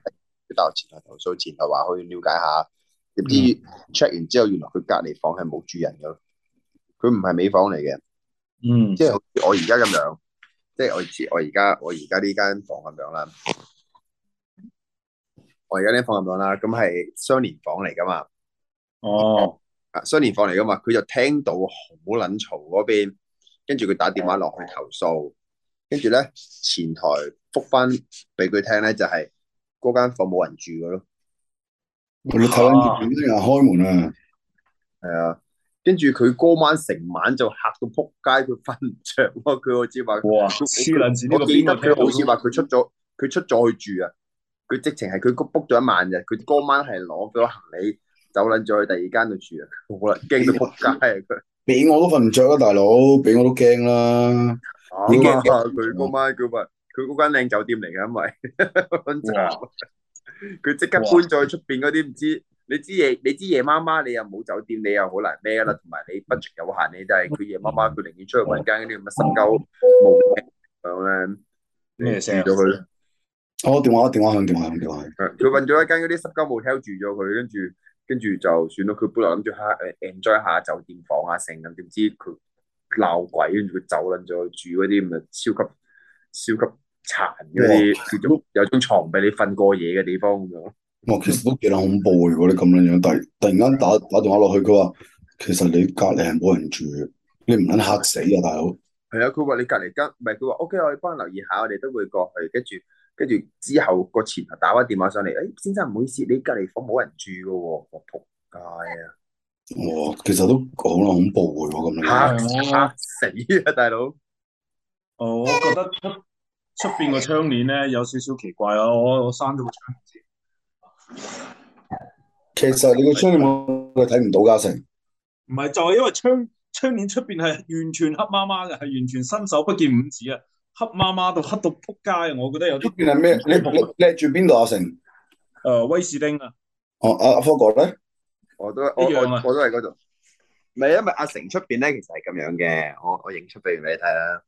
佢打落前台投訴，前台話去了解下，點知 check 完之後，原來佢隔籬房係冇住人嘅，佢唔係美房嚟嘅，嗯，即係我而家咁樣，即係我我而家我而家呢間房咁樣啦。我而家呢放暗檔啦，咁係相連房嚟噶嘛？哦，啊相連房嚟噶嘛？佢就聽到好撚嘈嗰邊，跟住佢打電話落去投訴，跟住咧前台復翻俾佢聽咧，就係嗰間房冇人住噶咯。我哋睇見有人開門啊，係啊，跟住佢嗰晚成晚就嚇到扑街，佢瞓唔着。佢好似話哇黐撚線，我記得佢好似話佢出咗，佢出咗去住啊。佢直情係佢 book 咗一晚啫，佢嗰晚係攞咗行李走捻咗去第二間度住啊！好啦，驚到仆街啊佢，俾我都瞓唔着啦大佬，俾我都驚啦。點驚啊？佢嗰晚佢話佢嗰間靚酒店嚟嘅，因為佢即刻搬咗去出邊嗰啲唔知你知夜你知夜媽媽，你又冇酒店，你又好難咩啦？同埋你 budget 有限，你都係佢夜媽媽，佢寧願出去揾間嗰啲咁嘅新舊冇咩咁咧，咩事到佢咧？我、哦、電話，電話響，電話響，電話。佢搵咗一間嗰啲濕膠布 t 住咗佢，跟住跟住就算，算咯。佢本來諗住吓，誒，enjoy 下酒店房啊，剩咁點知佢鬧鬼，跟住佢走啦，就住嗰啲咁嘅，超級超級殘嗰啲，叫做哇有張床俾你瞓過夜嘅地方咁咯。我其實都幾恐怖，如果啲咁樣樣，突然突然間打打電話落去，佢話其實你隔籬係冇人住，你唔撚吓死啊大佬。係啊，佢話你隔籬間，唔係，佢話 OK，我哋可以幫留意下，我哋都會過去，跟住。跟住之後個前啊打翻電話上嚟，誒、哎、先生唔好意思，你隔離房冇人住嘅喎，仆街啊！哇，其實都好恐怖嘅喎，咁樣嚇嚇死啊，大佬、哦！我覺得出出邊個窗簾咧有少少奇怪啊，我我閂咗個窗簾。其實你個窗簾我睇唔到嘉誠。唔係就係、是、因為窗窗簾出邊係完全黑麻麻嘅，係完全伸手不見五指啊！黑麻麻到黑到扑街啊！我覺得有啲出邊係咩？你住你住邊度阿成誒、呃、威士丁啊！哦、啊，阿、啊、阿福哥咧，我都一樣、啊、我,我,我都係嗰度，唔係因為阿成出邊咧，其實係咁樣嘅。我我影出俾你睇啦。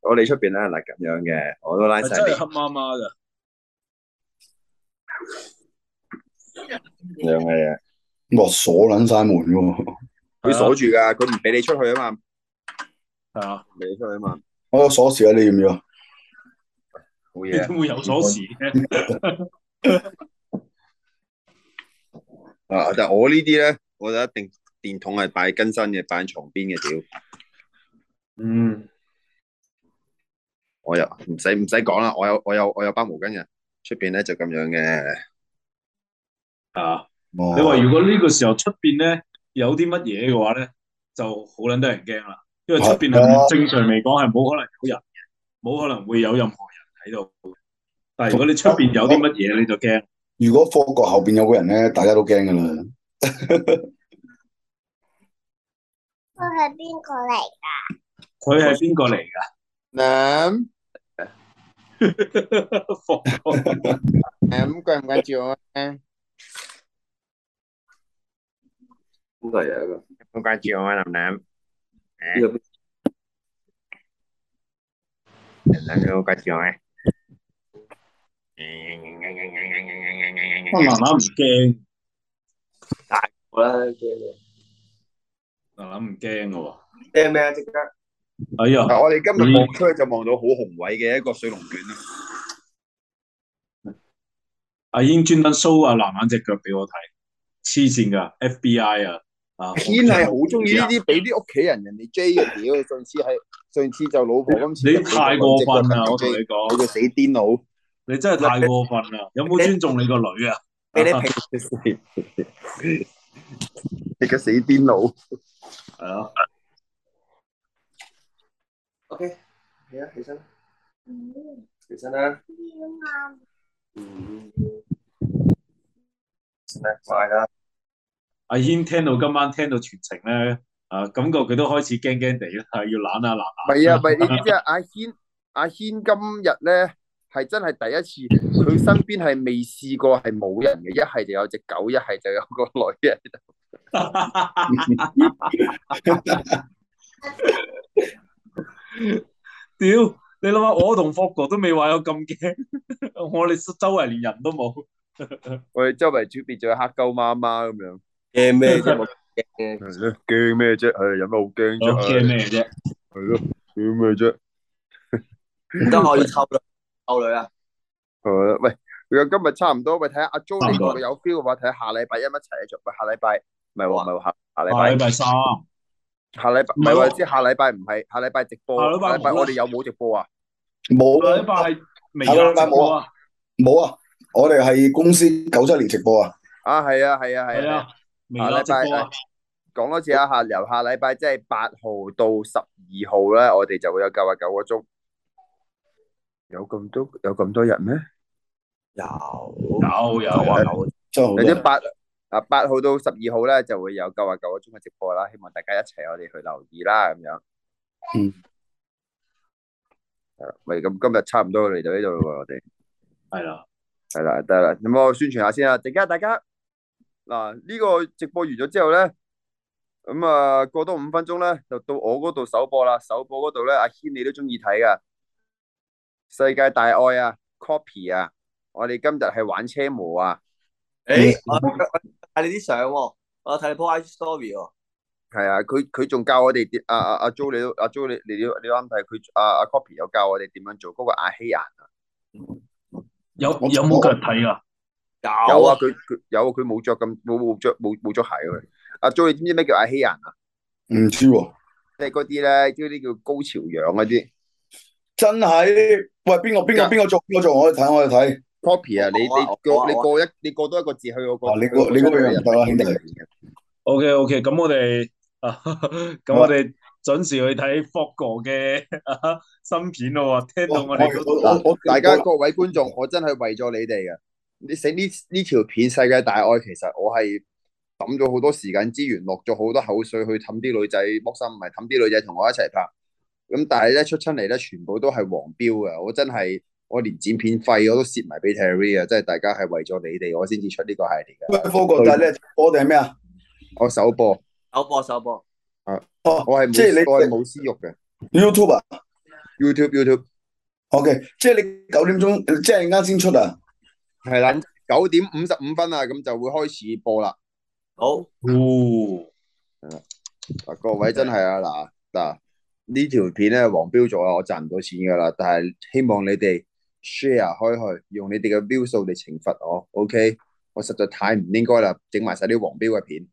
我哋出邊咧嗱咁樣嘅，我都拉晒。真係黑麻麻噶，兩樣嘢，我鎖捻晒門噶、啊，佢鎖 住噶，佢唔俾你出去啊嘛，係啊，唔俾你出去啊嘛。我有鎖匙啊！你要唔要？冇嘢，會有鎖匙嘅。 啊！但係我呢啲咧，我就一定電筒係擺根身嘅，擺喺床邊嘅屌。嗯，我，我有，唔使唔使講啦。我有我有我有包毛巾嘅，出邊咧就咁樣嘅。啊，哦、你話如果呢個時候出邊咧有啲乜嘢嘅話咧，就好撚得人驚啦。因為出邊係正常嚟講係冇可能有人，冇可能會有任何人喺度。但係如果你出邊有啲乜嘢，你就驚。如果科學後邊有個人咧，大家都驚噶啦。 我係邊個嚟噶？佢係邊個嚟噶？男。哈哈哈！科學男，怪唔怪住我啊？關嘢噶。關啊，男、嗯、男。嗯有冇？有冇感覺啊？我麻麻唔驚，大好啦，驚咩？麻麻唔驚噶喎，驚咩啊？即刻哎呀！嗱，我哋今日望出就望到好宏偉嘅一個水龍捲啦。阿英專登 show 阿藍眼隻腳俾我睇，黐線噶 FBI 啊！啊，堅係好中意呢啲，俾啲屋企人人哋追嘅屌。上次係上次就老婆，今次你太過分啦！我同你講，你個死癲佬，你真係太過分啦！有冇尊重你個女啊？俾你皮，你個死癲佬。啊 OK 嚟啊，起身啦，起身啦。嗯，真係快啦～阿軒聽到今晚聽到全程咧，啊，感覺佢都開始驚驚地啦，要攬下攬下。唔係啊，唔係你知啊，阿軒阿軒今日咧係真係第一次，佢身邊係未試過係冇人嘅，一係就有隻狗，一係就有個女人。屌，你諗下，我同福哥都未話有咁驚，我哋周圍連人都冇，我哋周圍轉變咗黑鳩媽媽咁樣。驚咩啫？驚係咯，驚咩啫？係有咩好驚啫？係咯，驚咩啫？都可以溝女，溝女啊！誒，喂，如果今日差唔多，咪睇下阿 Jo，你有 feel 嘅話，睇下下禮拜一一齊做。咪下禮拜，唔係話，唔係話，下禮拜三，下禮拜唔係，知下禮拜唔係，下禮拜直播。下禮拜我哋有冇直播啊？冇。下禮拜係未有直播啊？冇啊！我哋係公司九七年直播啊！啊，係啊，係啊，係啊。下禮拜講多一次一下，由下禮拜即係八號到十二號咧，我哋就會有九啊九個鐘。有咁多有咁多日咩？有、嗯、有有啊，真係好。有啲八啊八號到十二號咧，就會有九啊九個鐘嘅直播啦。希望大家一齊我哋去留意啦，咁樣。嗯。係啦、嗯，咪咁今日差唔多嚟到呢度啦，我哋。係啦了。係啦，得啦，咁我宣傳下先啊？陣間大家，大家。嗱，呢、啊呢個直播完咗之後咧，咁、嗯、啊過多五分鐘咧，就到我嗰度首播啦。首播嗰度咧，阿軒你都中意睇㗎。世界大愛啊，Copy 啊，我哋今日係玩車模啊。誒，睇你啲相喎、哦，我睇你 po Instagram、哦、story 喎。係啊，佢佢仲教我哋點啊啊啊 Jo 你都阿 Jo 你你你啱睇佢啊啊 Copy 有教我哋點樣做嗰個眼戲眼啊。有有冇腳睇啊？有啊，佢佢有啊，佢冇着咁冇着冇冇着鞋佢。阿 Joe，你知唔知咩叫阿希人啊？唔知即係嗰啲咧，嗰啲叫高潮氧嗰啲。真係喂，邊個邊個邊個做邊個做？我去睇我去睇 copy 啊！你你過你過一你過多一個字去我個你過你嗰樣人代啦，兄弟。OK，OK，咁我哋咁我哋準時去睇 Fox 嘅新片咯。聽到我哋嗰度，大家各位觀眾，我真係為咗你哋噶。你寫呢呢條片《世界大愛》，其實我係抌咗好多時間資源，落咗好多口水去氹啲女仔，剝心唔係氹啲女仔同我一齊拍。咁但係咧出親嚟咧，全部都係黃標嘅。我真係我連剪片費我都蝕埋俾 Terry 啊！即係大家係為咗你哋，我先至出呢個系列嘅。科學界咧，我哋係咩啊？我首播，首播，首播。啊！哦，我係即係你，我哋冇私欲嘅。YouTube 啊，YouTube，YouTube。YouTube, YouTube OK，即係你九點鐘，即係啱先出啊！係啦，九點五十五分啊，咁就會開始播啦。好，嗯、哦 okay. 啊，啊，各位真係啊，嗱嗱呢條片咧黃標咗啊，我賺唔到錢噶啦，但係希望你哋 share 開去，用你哋嘅標數嚟懲罰我。OK，我實在太唔應該啦，整埋晒啲黃標嘅片。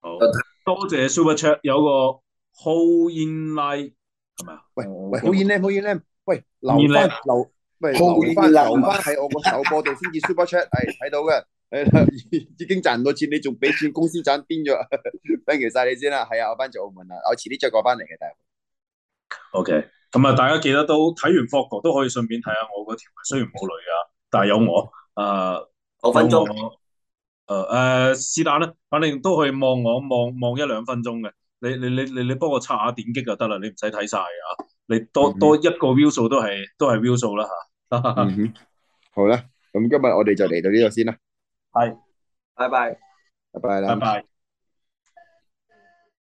好，啊、多謝 Super Chat 有個 Hold In Line 係咪啊？喂喂、oh.，Hold In Line，Hold In Line，喂，留翻留。咪留翻留翻喺我個手部度先至輸不出，係睇到嘅。問 已經賺到錢，你仲俾錢公司賺，癲咗，thank 晒你先啦，係啊，我翻咗澳門啦，我遲啲再過翻嚟嘅。大一，ok，咁啊，大家記得都睇完 Folger 都可以順便睇下我嗰條，雖然冇女啊，但係有我，誒、呃，九分鐘，誒誒，是但啦，反正都可以望我望望一兩分鐘嘅，你你你你你幫我刷下點擊就得啦，你唔使睇晒啊，你多、嗯、多一個 view 數都係都係 view 數啦吓。啊 嗯哼，好啦，咁今日我哋就嚟到呢度先啦。係是，拜拜 bye，拜拜啦，拜拜。